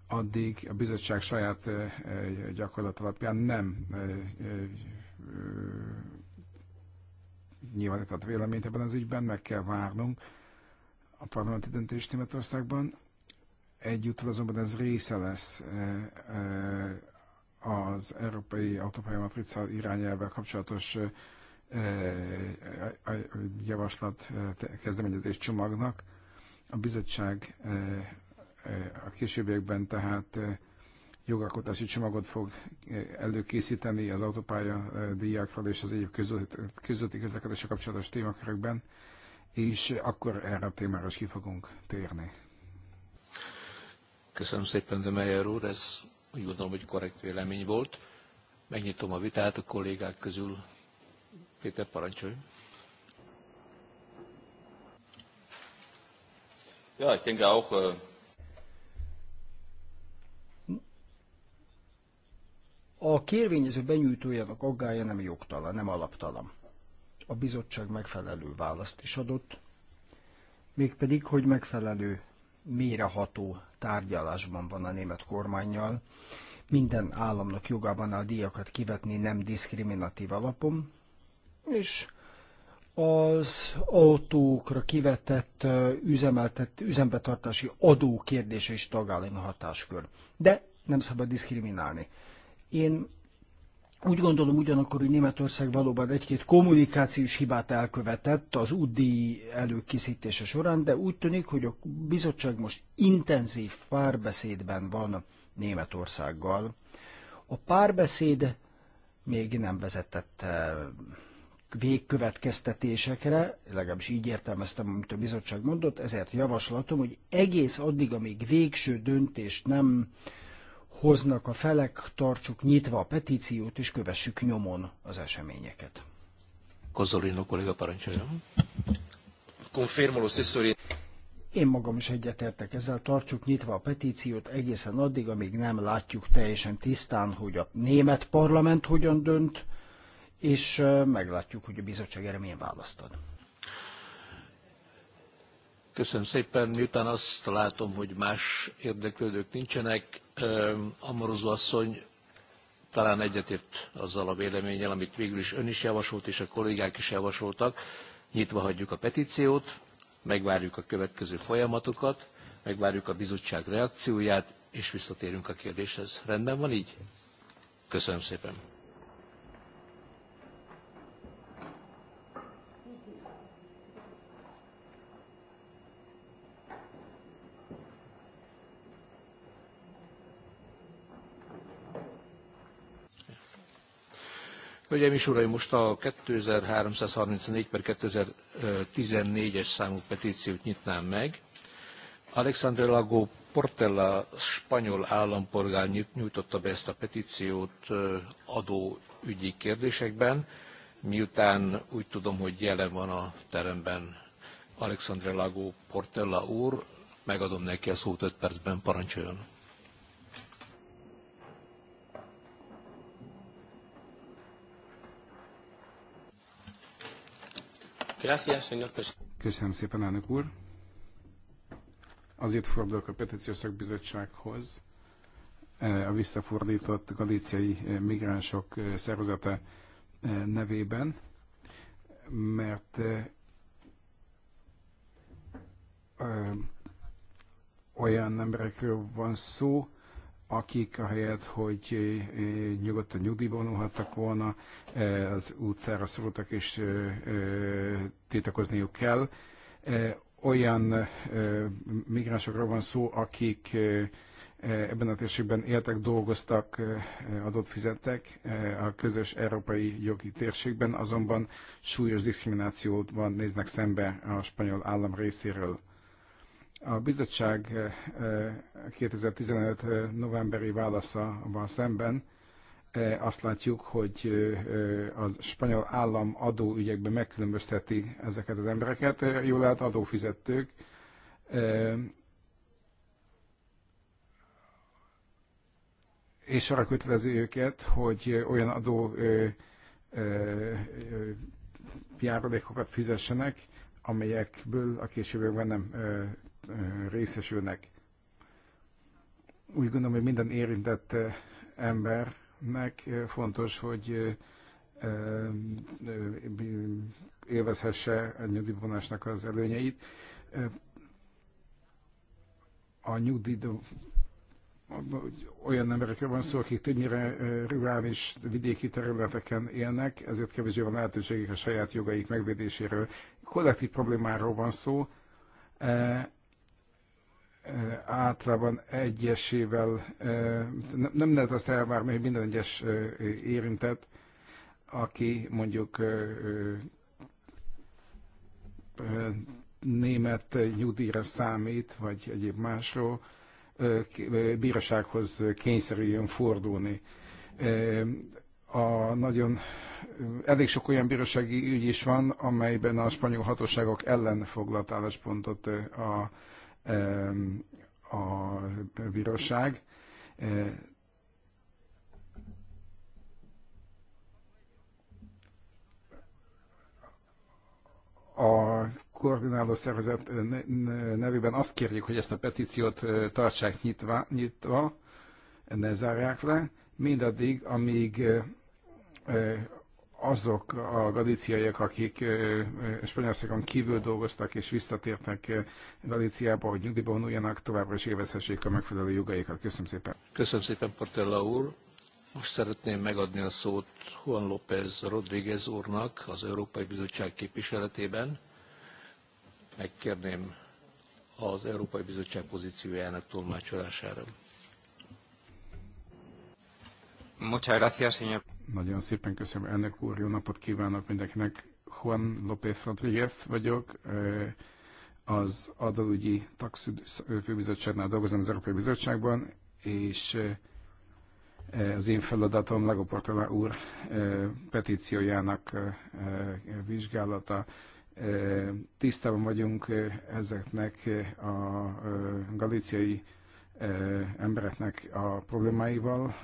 addig a bizottság saját gyakorlat alapján nem nyilvánított véleményt ebben az ügyben, meg kell várnunk a parlamenti döntést Németországban. Egyúttal azonban ez része lesz az Európai Autópálya Matrica irányelvvel kapcsolatos javaslat kezdeményezés csomagnak. A bizottság a későbbiekben tehát jogalkotási csomagot fog előkészíteni az autópálya díjakról és az egyéb közötti közlekedésre kapcsolatos témakörökben, és akkor erre a témára is ki fogunk térni. Köszönöm szépen, de Meyer úr, ez úgy gondolom, hogy korrekt vélemény volt. Megnyitom a vitát a kollégák közül. Péter, parancsolj! Ja, ich denke auch, a kérvényező benyújtójának aggája nem jogtalan, nem alaptalan. A bizottság megfelelő választ is adott, mégpedig, hogy megfelelő méreható tárgyalásban van a német kormányjal. Minden államnak jogában áll díjakat kivetni nem diszkriminatív alapon, és az autókra kivetett üzemeltet, üzembetartási adó kérdése is tagállami hatáskör. De nem szabad diszkriminálni. Én úgy gondolom ugyanakkor, hogy Németország valóban egy-két kommunikációs hibát elkövetett az UDI előkészítése során, de úgy tűnik, hogy a bizottság most intenzív párbeszédben van Németországgal. A párbeszéd még nem vezetett eh, végkövetkeztetésekre, legalábbis így értelmeztem, amit a bizottság mondott, ezért javaslatom, hogy egész addig, amíg végső döntést nem hoznak a felek, tartsuk nyitva a petíciót, és kövessük nyomon az eseményeket. Kozolino kolléga parancsoljon. Confermo lo stesso én magam is egyetértek ezzel, tartsuk nyitva a petíciót egészen addig, amíg nem látjuk teljesen tisztán, hogy a német parlament hogyan dönt, és meglátjuk, hogy a bizottság erre milyen választ ad. Köszönöm szépen. Miután azt látom, hogy más érdeklődők nincsenek, Amorozó asszony talán egyetért azzal a véleménnyel, amit végül is ön is javasolt, és a kollégák is javasoltak. Nyitva hagyjuk a petíciót, megvárjuk a következő folyamatokat, megvárjuk a bizottság reakcióját, és visszatérünk a kérdéshez. Rendben van így? Köszönöm szépen. Hölgyeim és Uraim, most a 2334 per 2014-es számú petíciót nyitnám meg. Alexandre Lago Portella spanyol állampolgár nyújtotta be ezt a petíciót adóügyi kérdésekben, miután úgy tudom, hogy jelen van a teremben Alexandre Lago Portella úr, megadom neki a szót 5 percben, parancsoljon. Köszönöm szépen, elnök úr. Azért fordulok a petíciós szakbizottsághoz. E, a visszafordított galíciai e, migránsok e, szervezete nevében, mert olyan emberekről van szó, akik helyet, hogy nyugodtan nyugdíjban vonulhattak volna, az utcára szorultak és tétakozniuk kell. Olyan migránsokra van szó, akik ebben a térségben éltek, dolgoztak, adott fizettek a közös európai jogi térségben, azonban súlyos diszkriminációt van, néznek szembe a spanyol állam részéről a bizottság 2015 eh, eh, eh, novemberi válaszával szemben azt látjuk, hogy az spanyol állam adóügyekben megkülönbözteti ezeket az embereket. Jól lehet adófizetők, és arra kötelezi őket, hogy olyan adó ö, járulékokat fizessenek, amelyekből a későbbiekben nem részesülnek. Úgy gondolom, hogy minden érintett embernek fontos, hogy élvezhesse a nyugdíjvonásnak az előnyeit. A nyugdíj olyan emberekről van szó, akik többnyire rurális vidéki területeken élnek, ezért kevésbé van lehetőségük a saját jogaik megvédéséről. Kollektív problémáról van szó, Eh, általában egyesével, eh, nem lehet azt elvárni, hogy minden egyes eh, érintett, aki mondjuk német nyugdíjra számít, vagy egyéb másról, bírósághoz kényszerüljön fordulni. A nagyon elég sok olyan bírósági ügy is van, amelyben a spanyol hatóságok ellen foglalt álláspontot a a bíróság. E, a koordináló szervezet nevében azt kérjük, hogy ezt a petíciót e, tartsák nyitva, nyitva ne zárják le, mindaddig, amíg e, azok a galíciaiak, akik Spanyolországon kívül dolgoztak és visszatértek Galíciába, hogy nyugdíjba vonuljanak, továbbra is élvezhessék a megfelelő jogaikat. Köszönöm szépen. Köszönöm szépen, Portella úr. Most szeretném megadni a szót Juan López Rodríguez úrnak az Európai Bizottság képviseletében. Megkérném az Európai Bizottság pozíciójának tolmácsolására. Muchas gracias, señor. Nagyon szépen köszönöm, elnök úr, jó napot kívánok mindenkinek. Juan López Rodríguez vagyok, az adóügyi főbizottságnál dolgozom az Európai Bizottságban, és az én feladatom Legoportola úr petíciójának vizsgálata. Tisztában vagyunk ezeknek a galíciai embereknek a problémáival,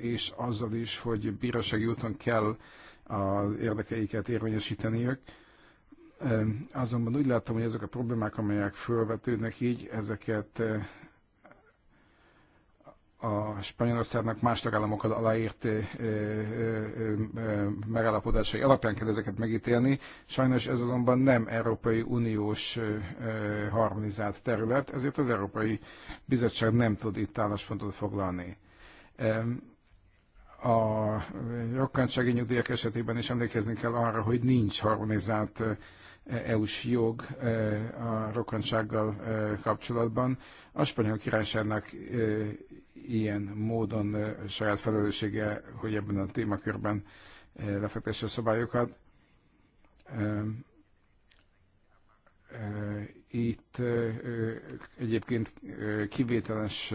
és azzal is, hogy bírósági úton kell az érdekeiket érvényesíteniük. Azonban úgy látom, hogy ezek a problémák, amelyek felvetődnek így, ezeket a Spanyolországnak más tagállamokkal aláírt megállapodásai alapján kell ezeket megítélni. Sajnos ez azonban nem Európai Uniós harmonizált terület, ezért az Európai Bizottság nem tud itt álláspontot foglalni. A rokkantsági nyugdíjak esetében is emlékezni kell arra, hogy nincs harmonizált EU-s jog a rokkantsággal kapcsolatban. A spanyol királyságnak ilyen módon saját felelőssége, hogy ebben a témakörben lefektesse a szabályokat. Itt egyébként kivételes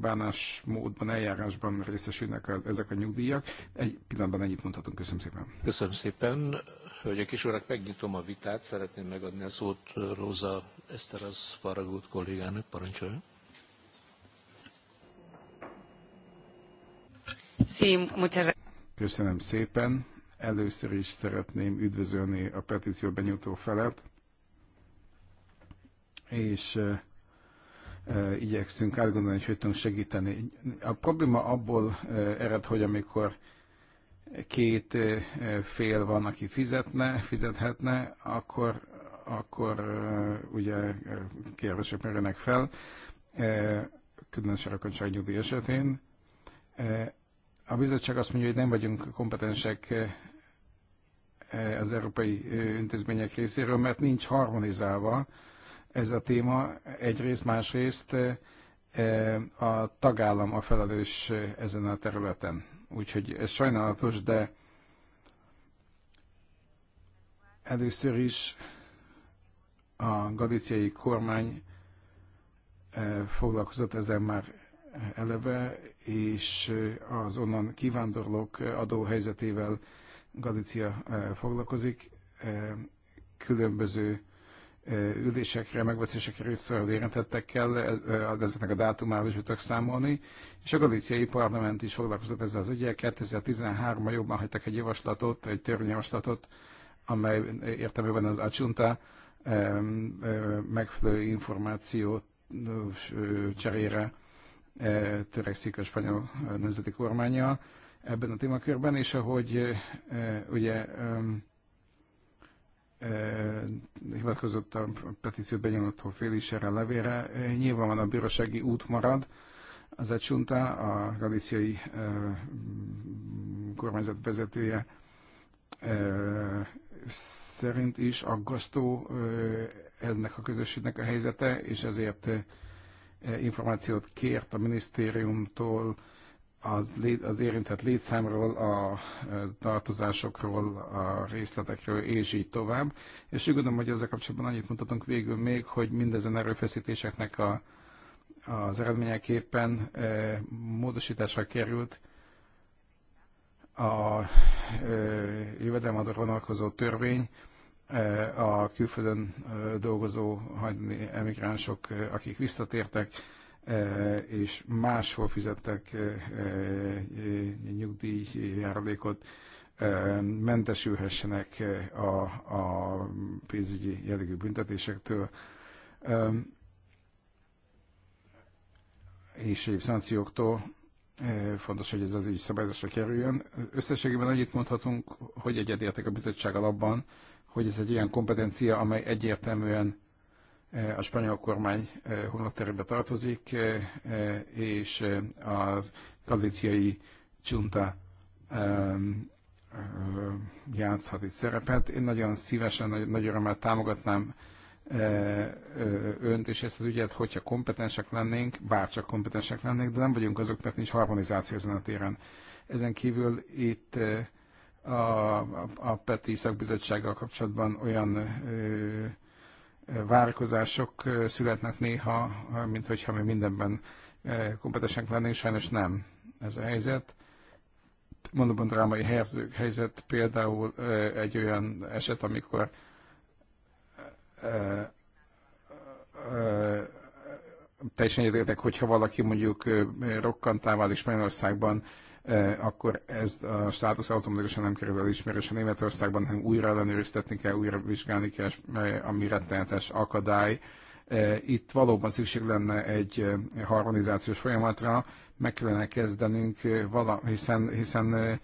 bánásmódban, eljárásban részesülnek ezek a nyugdíjak. Egy pillanatban ennyit mondhatunk. Köszönöm szépen. Köszönöm szépen. Hölgyek és urak, megnyitom a vitát. Szeretném megadni a szót Róza Eszteraz Faragót kollégának. Parancsoljon. Köszönöm szépen. Először is szeretném üdvözölni a petíció benyújtó felet és igyekszünk átgondolni, és tudunk segíteni. A probléma abból ered, hogy amikor két fél van, aki fizetne, fizethetne, akkor, akkor ugye kérdések merülnek fel, különösen a nyugdíj esetén. A bizottság azt mondja, hogy nem vagyunk kompetensek az európai intézmények részéről, mert nincs harmonizálva ez a téma egyrészt, másrészt e, a tagállam a felelős ezen a területen. Úgyhogy ez sajnálatos, de először is a galiciai kormány e, foglalkozott ezzel már eleve, és az onnan kivándorlók helyzetével Galicia e, foglalkozik. Különböző ülésekre, megbeszélésekre részt az érintettekkel, ezeknek a dátumára is tudtak számolni, és a galíciai parlament is foglalkozott ezzel az ügyel. 2013-ban jobban hagytak egy javaslatot, egy törvényjavaslatot, amely értelmében az Acsunta megfelelő információ cserére törekszik a spanyol nemzeti kormánya ebben a témakörben, és ahogy ugye hivatkozott a petíciót benyomotó fél is erre a levére. van a bírósági út marad, az Ecsunta, a galiciai kormányzat vezetője szerint is aggasztó ennek a közösségnek a helyzete, és ezért információt kért a minisztériumtól, az, az érintett létszámról, a tartozásokról, a részletekről, és így tovább. És úgy gondolom, hogy ezzel kapcsolatban annyit mutatunk végül még, hogy mindezen erőfeszítéseknek a, az eredményeképpen e, módosításra került a e, jövedelemadóra vonalkozó törvény, e, a külföldön e, dolgozó emigránsok, akik visszatértek, E, és máshol fizettek e, e, nyugdíjjárulékot, mentesülhessenek a, a pénzügyi jellegű büntetésektől, és egyéb szankcióktól. Fontos, hogy ez az ügy szabályozásra kerüljön. Összességében annyit mondhatunk, hogy egyetértek a bizottsággal abban, hogy ez egy olyan kompetencia, amely egyértelműen a spanyol kormány eh, honlapterébe tartozik, eh, eh, és a galíciai csunta játszhat itt szerepet. Én nagyon szívesen, nagy, nagy örömmel támogatnám önt és ezt az ügyet, hogyha kompetensek lennénk, bárcsak kompetensek lennénk, de nem vagyunk azok, mert nincs harmonizáció ezen a téren. Ezen kívül itt a, a, a PETI szakbizottsággal kapcsolatban olyan ö, várakozások születnek néha, mint hogyha mi mindenben kompetensek lennénk, sajnos nem ez a helyzet. Mondom, drámai helyzet például egy olyan eset, amikor teljesen egyetértek, hogyha valaki mondjuk rokkantával is Magyarországban E, akkor ez a státusz automatikusan nem kerül elismerésre Németországban, hanem újra ellenőriztetni kell, újra vizsgálni kell, e, ami rettenetes akadály. E, itt valóban szükség lenne egy harmonizációs folyamatra, meg kellene kezdenünk, vala, hiszen, hiszen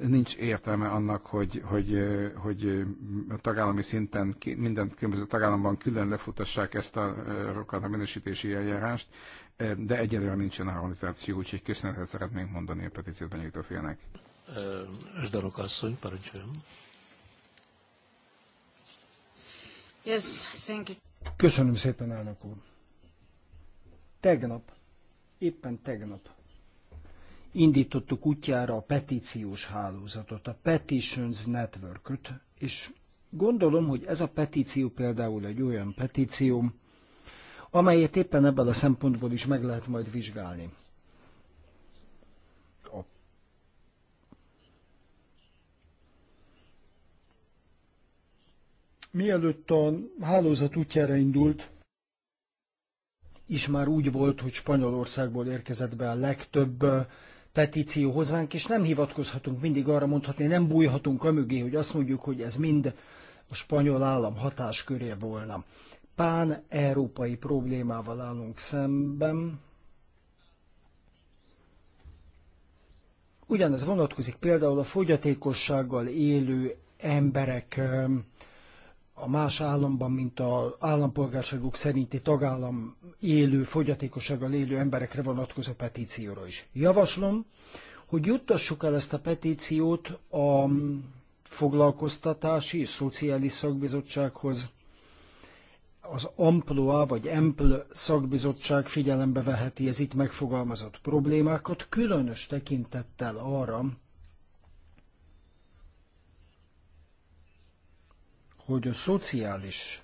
nincs értelme annak, hogy, hogy, hogy a tagállami szinten minden különböző tagállamban külön lefutassák ezt a rokkant a minősítési eljárást, de egyelőre nincsen harmonizáció, úgyhogy köszönetet szeretnénk mondani a petíciót benyújtó félnek. Ösdarok asszony, parancsoljon. Yes, thank you. Köszönöm szépen, elnök úr. Tegnap, éppen tegnap indítottuk útjára a petíciós hálózatot, a Petitions network és gondolom, hogy ez a petíció például egy olyan petíció, amelyet éppen ebben a szempontból is meg lehet majd vizsgálni. A Mielőtt a hálózat útjára indult, is már úgy volt, hogy Spanyolországból érkezett be a legtöbb petíció hozzánk, és nem hivatkozhatunk mindig arra mondhatni, nem bújhatunk amögé, hogy azt mondjuk, hogy ez mind a spanyol állam hatásköré volna. Pán-európai problémával állunk szemben, Ugyanez vonatkozik például a fogyatékossággal élő emberek a más államban, mint az állampolgárságuk szerinti tagállam élő, fogyatékossággal élő emberekre vonatkozó petícióra is. Javaslom, hogy juttassuk el ezt a petíciót a foglalkoztatási és szociális szakbizottsághoz, az AMPLOA vagy EMPL szakbizottság figyelembe veheti az itt megfogalmazott problémákat, különös tekintettel arra, hogy a szociális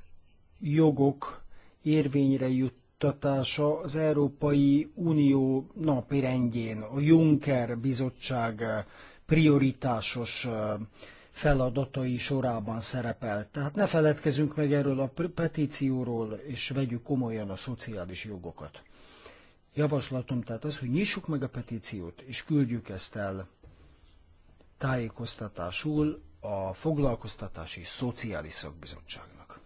jogok érvényre juttatása az Európai Unió napi rendjén, a Juncker bizottság prioritásos feladatai sorában szerepel. Tehát ne feledkezünk meg erről a petícióról, és vegyük komolyan a szociális jogokat. Javaslatom tehát az, hogy nyissuk meg a petíciót, és küldjük ezt el tájékoztatásul a Foglalkoztatási Szociális Szakbizottságnak.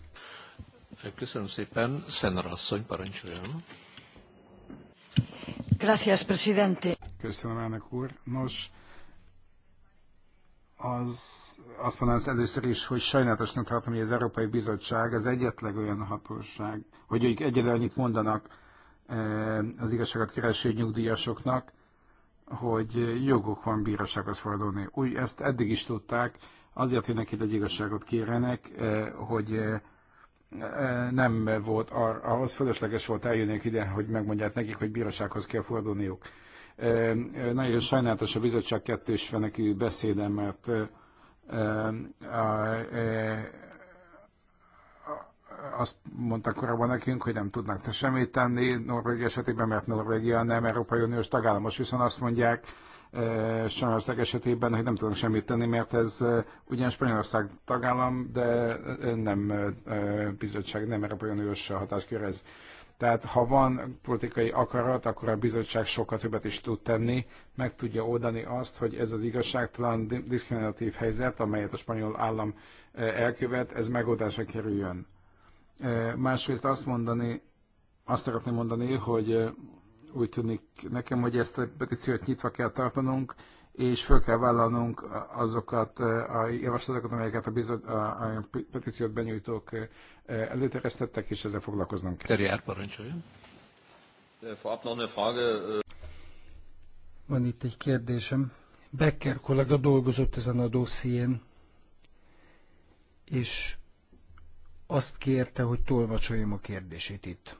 Köszönöm szépen. Szenner asszony, parancsoljon. Gracias, presidente. Köszönöm, elnök úr. Nos, az, azt mondanám először is, hogy sajnálatosnak tartom, hogy az Európai Bizottság az egyetleg olyan hatóság, hogy ők egyedül annyit mondanak eh, az igazságot kereső nyugdíjasoknak, hogy joguk van bírósághoz fordulni. Úgy ezt eddig is tudták, Azért jönnek itt, egy igazságot kérenek, eh, hogy eh, eh, nem volt, ahhoz fölösleges volt eljönnék ide, hogy megmondják nekik, hogy bírósághoz kell fordulniuk. Nagyon sajnálatos a bizottság kettős fenekű beszéde, mert azt mondták korábban nekünk, hogy nem tudnak te semmit tenni Norvégia esetében, mert Norvégia nem Európai Uniós tagállamos, viszont azt mondják, Csanország esetében, hogy nem tudunk semmit tenni, mert ez ugyan Spanyolország tagállam, de nem bizottság, nem Európai Uniós hatáskör ez. Tehát ha van politikai akarat, akkor a bizottság sokkal többet is tud tenni, meg tudja oldani azt, hogy ez az igazságtalan, diszkriminatív helyzet, amelyet a spanyol állam elkövet, ez megoldásra kerüljön. Másrészt azt mondani, azt szeretném mondani, hogy úgy tűnik nekem, hogy ezt a petíciót nyitva kell tartanunk, és föl kell vállalnunk azokat a javaslatokat, amelyeket a, bizot, a, a petíciót benyújtók előteresztettek, és ezzel foglalkoznunk kell. Terjár parancsoljon. Van itt egy kérdésem. Becker kollega dolgozott ezen a dosszién, és azt kérte, hogy tolmacsoljam a kérdését itt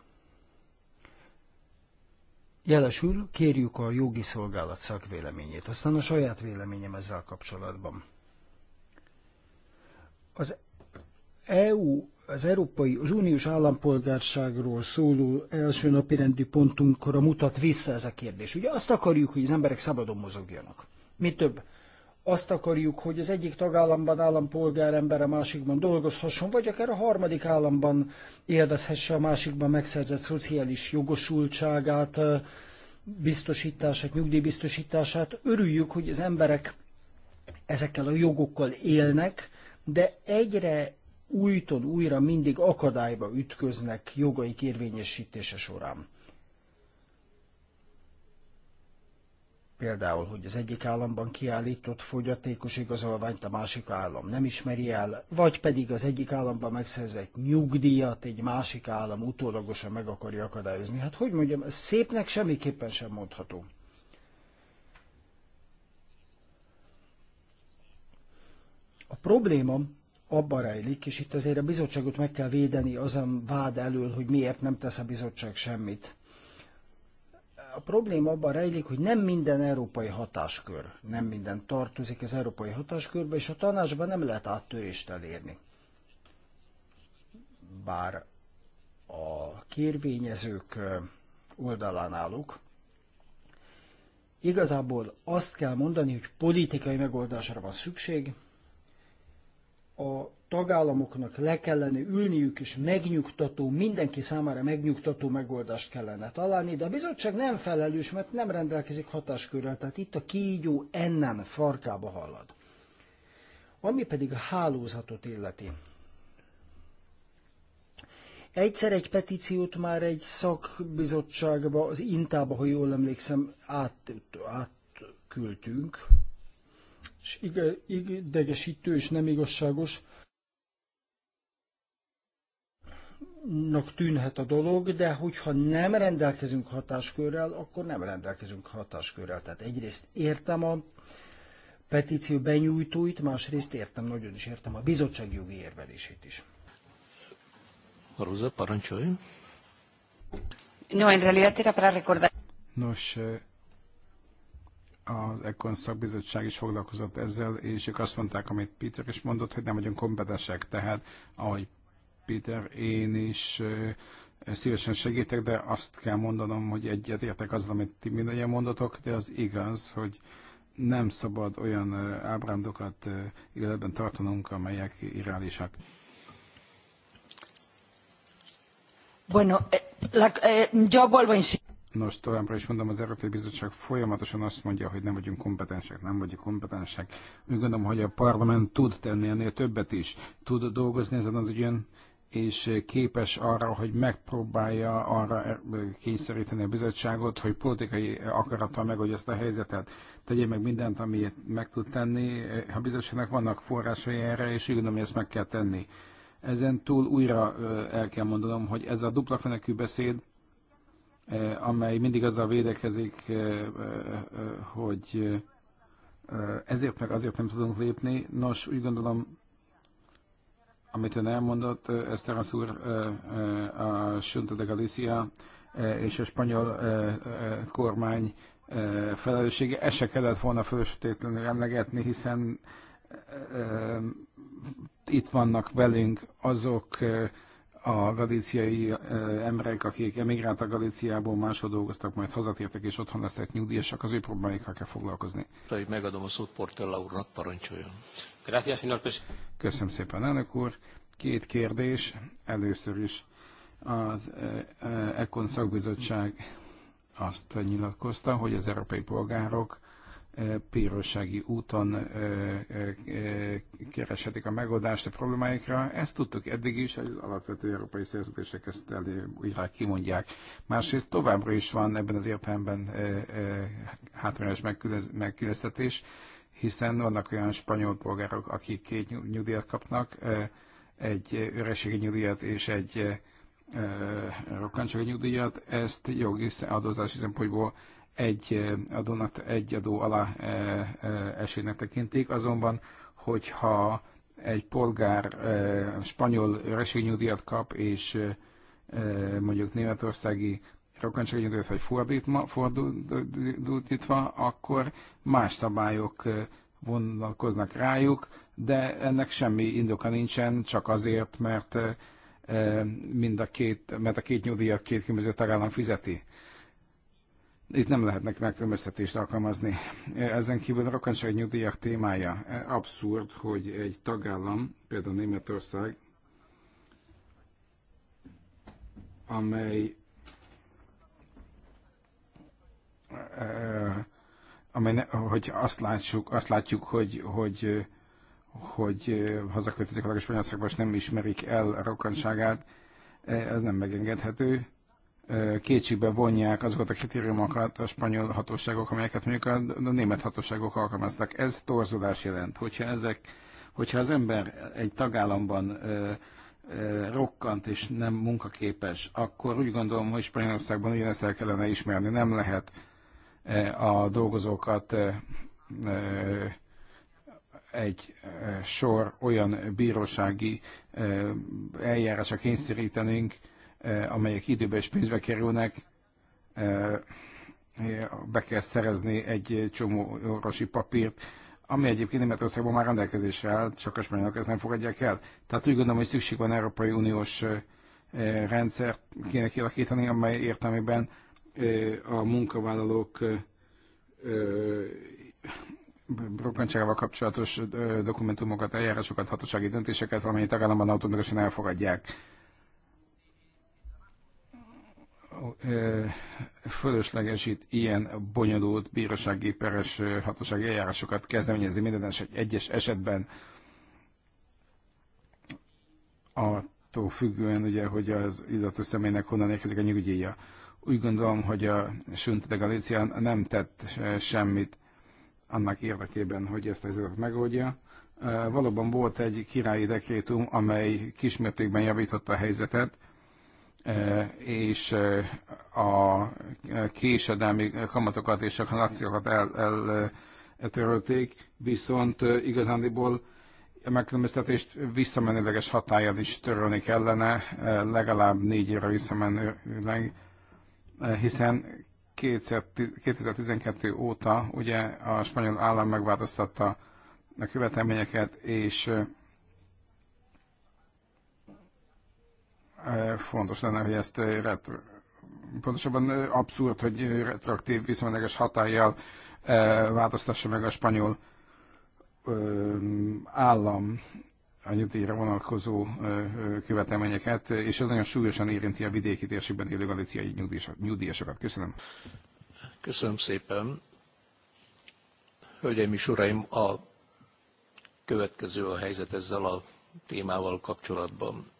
jelesül, kérjük a jogi szolgálat szakvéleményét. Aztán a saját véleményem ezzel kapcsolatban. Az EU, az Európai, az Uniós állampolgárságról szóló első napi rendű pontunkra mutat vissza ez a kérdés. Ugye azt akarjuk, hogy az emberek szabadon mozogjanak. Mi több, azt akarjuk, hogy az egyik tagállamban állampolgárember a másikban dolgozhasson, vagy akár a harmadik államban élvezhesse a másikban megszerzett szociális jogosultságát, biztosítását, nyugdíjbiztosítását. Örüljük, hogy az emberek ezekkel a jogokkal élnek, de egyre újton újra mindig akadályba ütköznek jogaik érvényesítése során. Például, hogy az egyik államban kiállított fogyatékos igazolványt a másik állam nem ismeri el, vagy pedig az egyik államban megszerzett nyugdíjat egy másik állam utólagosan meg akarja akadályozni. Hát hogy mondjam, ez szépnek semmiképpen sem mondható. A probléma abban rejlik, és itt azért a bizottságot meg kell védeni azon vád elől, hogy miért nem tesz a bizottság semmit a probléma abban rejlik, hogy nem minden európai hatáskör, nem minden tartozik az európai hatáskörbe, és a tanácsban nem lehet áttörést elérni. Bár a kérvényezők oldalán állok, igazából azt kell mondani, hogy politikai megoldásra van szükség, a tagállamoknak le kellene ülniük, és megnyugtató, mindenki számára megnyugtató megoldást kellene találni, de a bizottság nem felelős, mert nem rendelkezik hatáskörrel, tehát itt a kígyó ennen farkába halad. Ami pedig a hálózatot illeti. Egyszer egy petíciót már egy szakbizottságba, az Intába, ha jól emlékszem, át, és idegesítő és nem igazságos, tűnhet a dolog, de hogyha nem rendelkezünk hatáskörrel, akkor nem rendelkezünk hatáskörrel. Tehát egyrészt értem a petíció benyújtóit, másrészt értem, nagyon is értem a bizottság jogi érvelését is. Arúza, parancsolj! No, en realidad era para recordar... Nos, eh, az Econ szakbizottság is foglalkozott ezzel, és ők azt mondták, amit Peter is mondott, hogy nem vagyunk kompetensek. Tehát, ahogy Péter, én is szívesen segítek, de azt kell mondanom, hogy egyetértek azzal, amit ti mindannyian mondatok, de az igaz, hogy nem szabad olyan ábrándokat életben tartanunk, amelyek irreálisak. Bueno, eh, la, eh, yo vuelvo Nos, továbbra is mondom, az Európai Bizottság folyamatosan azt mondja, hogy nem vagyunk kompetensek, nem vagyunk kompetensek. Úgy gondolom, hogy a parlament tud tenni ennél többet is. Tud dolgozni ezen az ügyön, és képes arra, hogy megpróbálja arra kényszeríteni a bizottságot, hogy politikai akarattal megoldja a helyzetet. Tegye meg mindent, amit meg tud tenni. A bizottságnak vannak forrásai erre, és úgy gondolom, hogy ezt meg kell tenni. Ezen túl újra el kell mondanom, hogy ez a dupla fenekű beszéd, amely mindig azzal védekezik, hogy ezért meg azért nem tudunk lépni. Nos, úgy gondolom, amit ön elmondott, Eszterász úr, a Junta de Galicia és a spanyol kormány felelőssége, ezt se kellett volna fölsötétlenül emlegetni, hiszen itt vannak velünk azok a galíciai emberek, akik emigráltak Galíciából, máshol dolgoztak, majd hazatértek és otthon lesznek nyugdíjasak, az ő problémáikkal kell foglalkozni. Megadom a szót Portella úrnak, parancsoljon. Köszönöm szépen, elnök úr. Két kérdés. Először is az Ekon szakbizottság azt nyilatkozta, hogy az európai polgárok bírósági úton kereshetik a megoldást a problémáikra. Ezt tudtuk eddig is, hogy az alapvető európai szerződések ezt elő, újra kimondják. Másrészt továbbra is van ebben az értelemben hátrányos megkülöztetés, hiszen vannak olyan spanyol polgárok, akik két nyugdíjat kapnak, egy öreségi nyugdíjat és egy rokkantsági nyugdíjat, ezt jogi adózási szempontból egy adónak, egy adó alá esélynek tekintik, azonban, hogyha egy polgár spanyol öreségnyugdíjat kap, és mondjuk németországi rokonságnyugdíjat, vagy fordítva, akkor más szabályok vonatkoznak rájuk, de ennek semmi indoka nincsen, csak azért, mert mind a két, mert a két nyugdíjat két különböző tagállam fizeti. Itt nem lehetnek megkülönböztetést alkalmazni. Ezen kívül a rokonság nyugdíjak témája e, abszurd, hogy egy tagállam, például Németország, amely e, amely ne, hogy azt látjuk, azt látjuk hogy, hogy, hogy e, hazaköltözik valaki Spanyolországba, és nem ismerik el a rokonságát, ez nem megengedhető kétségbe vonják azokat a kritériumokat a spanyol hatóságok, amelyeket mondjuk a, a német hatóságok alkalmaztak. Ez torzulás jelent. Hogyha, ezek, hogyha az ember egy tagállamban ö, ö, rokkant és nem munkaképes, akkor úgy gondolom, hogy Spanyolországban ugyanezt el kellene ismerni. Nem lehet a dolgozókat egy sor olyan bírósági eljárásra kényszerítenünk, Eh, amelyek időbe és pénzbe kerülnek, eh, eh, be kell szerezni egy csomó orvosi papírt, ami egyébként Németországban már rendelkezésre áll, csak a spanyolok ezt nem fogadják el. Tehát úgy gondolom, hogy szükség van Európai Uniós rendszer kéne kialakítani, amely értelmében a munkavállalók rokkantságával kapcsolatos dokumentumokat, eljárásokat, hatósági döntéseket valamennyi tagállamban automatikusan elfogadják fölöslegesít ilyen bonyolult bírósági peres hatósági eljárásokat kezdeményezni minden egyes esetben attól függően, ugye, hogy az idatos személynek honnan érkezik a nyugdíja. Úgy gondolom, hogy a de Legalicia nem tett semmit annak érdekében, hogy ezt a helyzetet megoldja. Valóban volt egy királyi dekrétum, amely kismértékben javította a helyzetet, Eh, és eh, a késedelmi kamatokat és a kanakciókat el, el, eh, viszont igazándiból a megkülönböztetést visszamenőleges hatáját is törölni kellene, legalább négy évre visszamenőleg, hiszen 2012 óta ugye a spanyol állam megváltoztatta a követelményeket, és fontos lenne, hogy ezt ret... pontosabban abszurd, hogy retroaktív viszonylagos hatállyal változtassa meg a spanyol állam a nyugdíjra vonatkozó követelményeket, és ez nagyon súlyosan érinti a vidéki térségben élő galiciai nyugdíjasokat. Köszönöm. Köszönöm szépen. Hölgyeim és uraim, a következő a helyzet ezzel a témával kapcsolatban.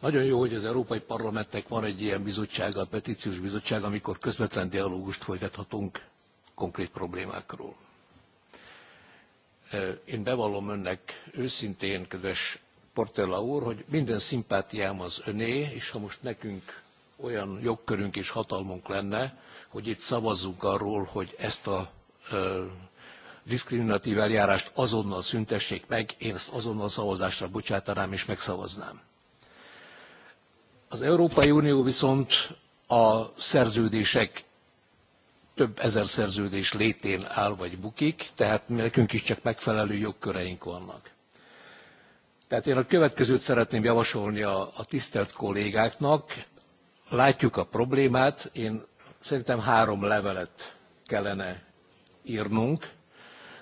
Nagyon jó, hogy az Európai Parlamentnek van egy ilyen bizottsága, a petíciós bizottság, amikor közvetlen dialógust folytathatunk konkrét problémákról. Én bevallom önnek őszintén, kedves Portella úr, hogy minden szimpátiám az öné, és ha most nekünk olyan jogkörünk és hatalmunk lenne, hogy itt szavazzunk arról, hogy ezt a ö, diszkriminatív eljárást azonnal szüntessék meg, én ezt azonnal szavazásra bocsátanám és megszavaznám. Az Európai Unió viszont a szerződések több ezer szerződés létén áll vagy bukik, tehát nekünk is csak megfelelő jogköreink vannak. Tehát én a következőt szeretném javasolni a, a tisztelt kollégáknak. Látjuk a problémát, én szerintem három levelet kellene írnunk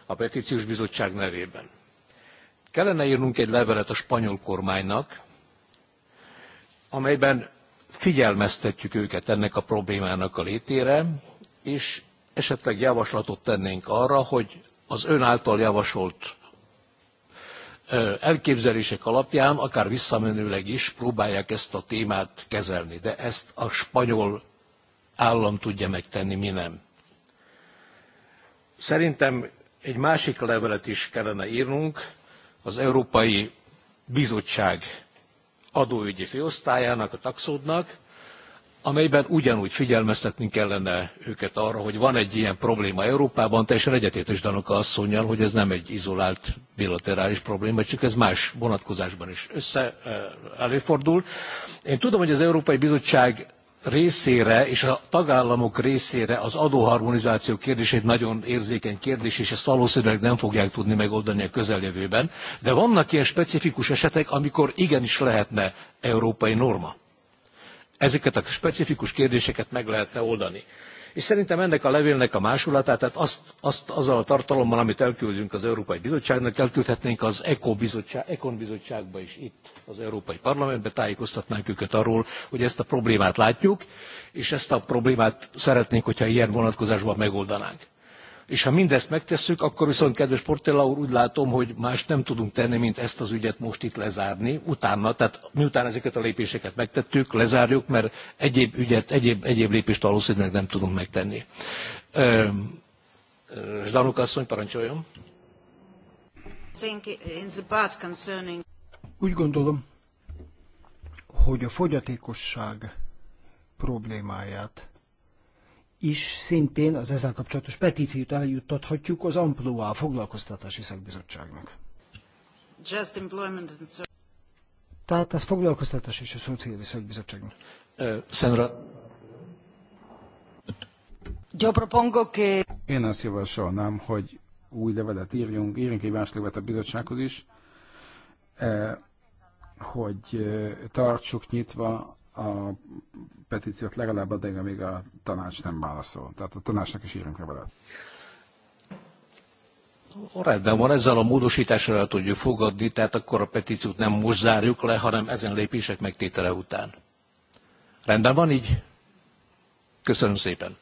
a petíciós bizottság nevében. Kellene írnunk egy levelet a spanyol kormánynak, amelyben figyelmeztetjük őket ennek a problémának a létére, és esetleg javaslatot tennénk arra, hogy az ön által javasolt elképzelések alapján, akár visszamenőleg is próbálják ezt a témát kezelni, de ezt a spanyol állam tudja megtenni, mi nem. Szerintem egy másik levelet is kellene írnunk az Európai Bizottság adóügyi főosztályának, a taxódnak, amelyben ugyanúgy figyelmeztetnünk kellene őket arra, hogy van egy ilyen probléma Európában, teljesen egyetértés Danuka asszonynal, hogy ez nem egy izolált bilaterális probléma, csak ez más vonatkozásban is össze eh, előfordul. Én tudom, hogy az Európai Bizottság részére és a tagállamok részére az adóharmonizáció kérdését nagyon érzékeny kérdés, és ezt valószínűleg nem fogják tudni megoldani a közeljövőben. De vannak ilyen specifikus esetek, amikor igenis lehetne európai norma. Ezeket a specifikus kérdéseket meg lehetne oldani. És szerintem ennek a levélnek a másolatát, tehát azt, azt azzal a tartalommal, amit elküldünk az Európai Bizottságnak, elküldhetnénk az ECO bizottság, ECON bizottságba is itt az Európai Parlamentbe, tájékoztatnánk őket arról, hogy ezt a problémát látjuk, és ezt a problémát szeretnénk, hogyha ilyen vonatkozásban megoldanánk. És ha mindezt megtesszük, akkor viszont, kedves Portella úr, úgy látom, hogy más nem tudunk tenni, mint ezt az ügyet most itt lezárni. Utána, tehát miután ezeket a lépéseket megtettük, lezárjuk, mert egyéb ügyet, egyéb, egyéb lépést valószínűleg nem tudunk megtenni. Zsdanuk asszony, parancsoljon. Úgy gondolom, hogy a fogyatékosság problémáját is szintén az ezzel kapcsolatos petíciót eljuttathatjuk az Amplóá foglalkoztatási szakbizottságnak. Just employment and so Tehát ez foglalkoztatás és a szociális szakbizottságnak. Uh, Szenra. Yo propongo que... Én azt javasolnám, hogy új levelet írjunk, írjunk egy más levelet a bizottsághoz is, eh, hogy tartsuk nyitva a petíciót legalább addig, amíg a tanács nem válaszol. Tehát a tanácsnak is írunk levelet. Rendben van, ezzel a módosítással el tudjuk fogadni, tehát akkor a petíciót nem most zárjuk le, hanem ezen lépések megtétele után. Rendben van így? Köszönöm szépen.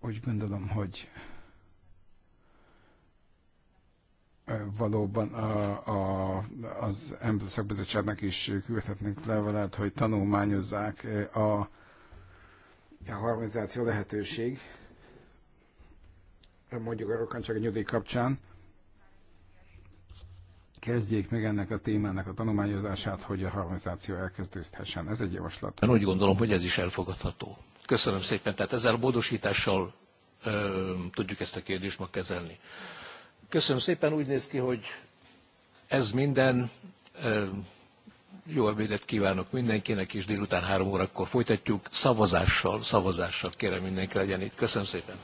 Úgy gondolom, hogy valóban a, a, az emberi szakbizottságnak is küldhetnénk levelet, hogy tanulmányozzák a, a harmonizáció lehetőség, mondjuk a rokkantsági nyugdíj kapcsán. Kezdjék meg ennek a témának a tanulmányozását, hogy a harmonizáció elkezdődhessen. Ez egy javaslat. Én úgy gondolom, hogy ez is elfogadható. Köszönöm szépen. Tehát ezzel a módosítással ö, tudjuk ezt a kérdést ma kezelni. Köszönöm szépen, úgy néz ki, hogy ez minden. Jó ebédet kívánok mindenkinek, és délután három órakor folytatjuk. Szavazással, szavazással kérem mindenki legyen itt. Köszönöm szépen.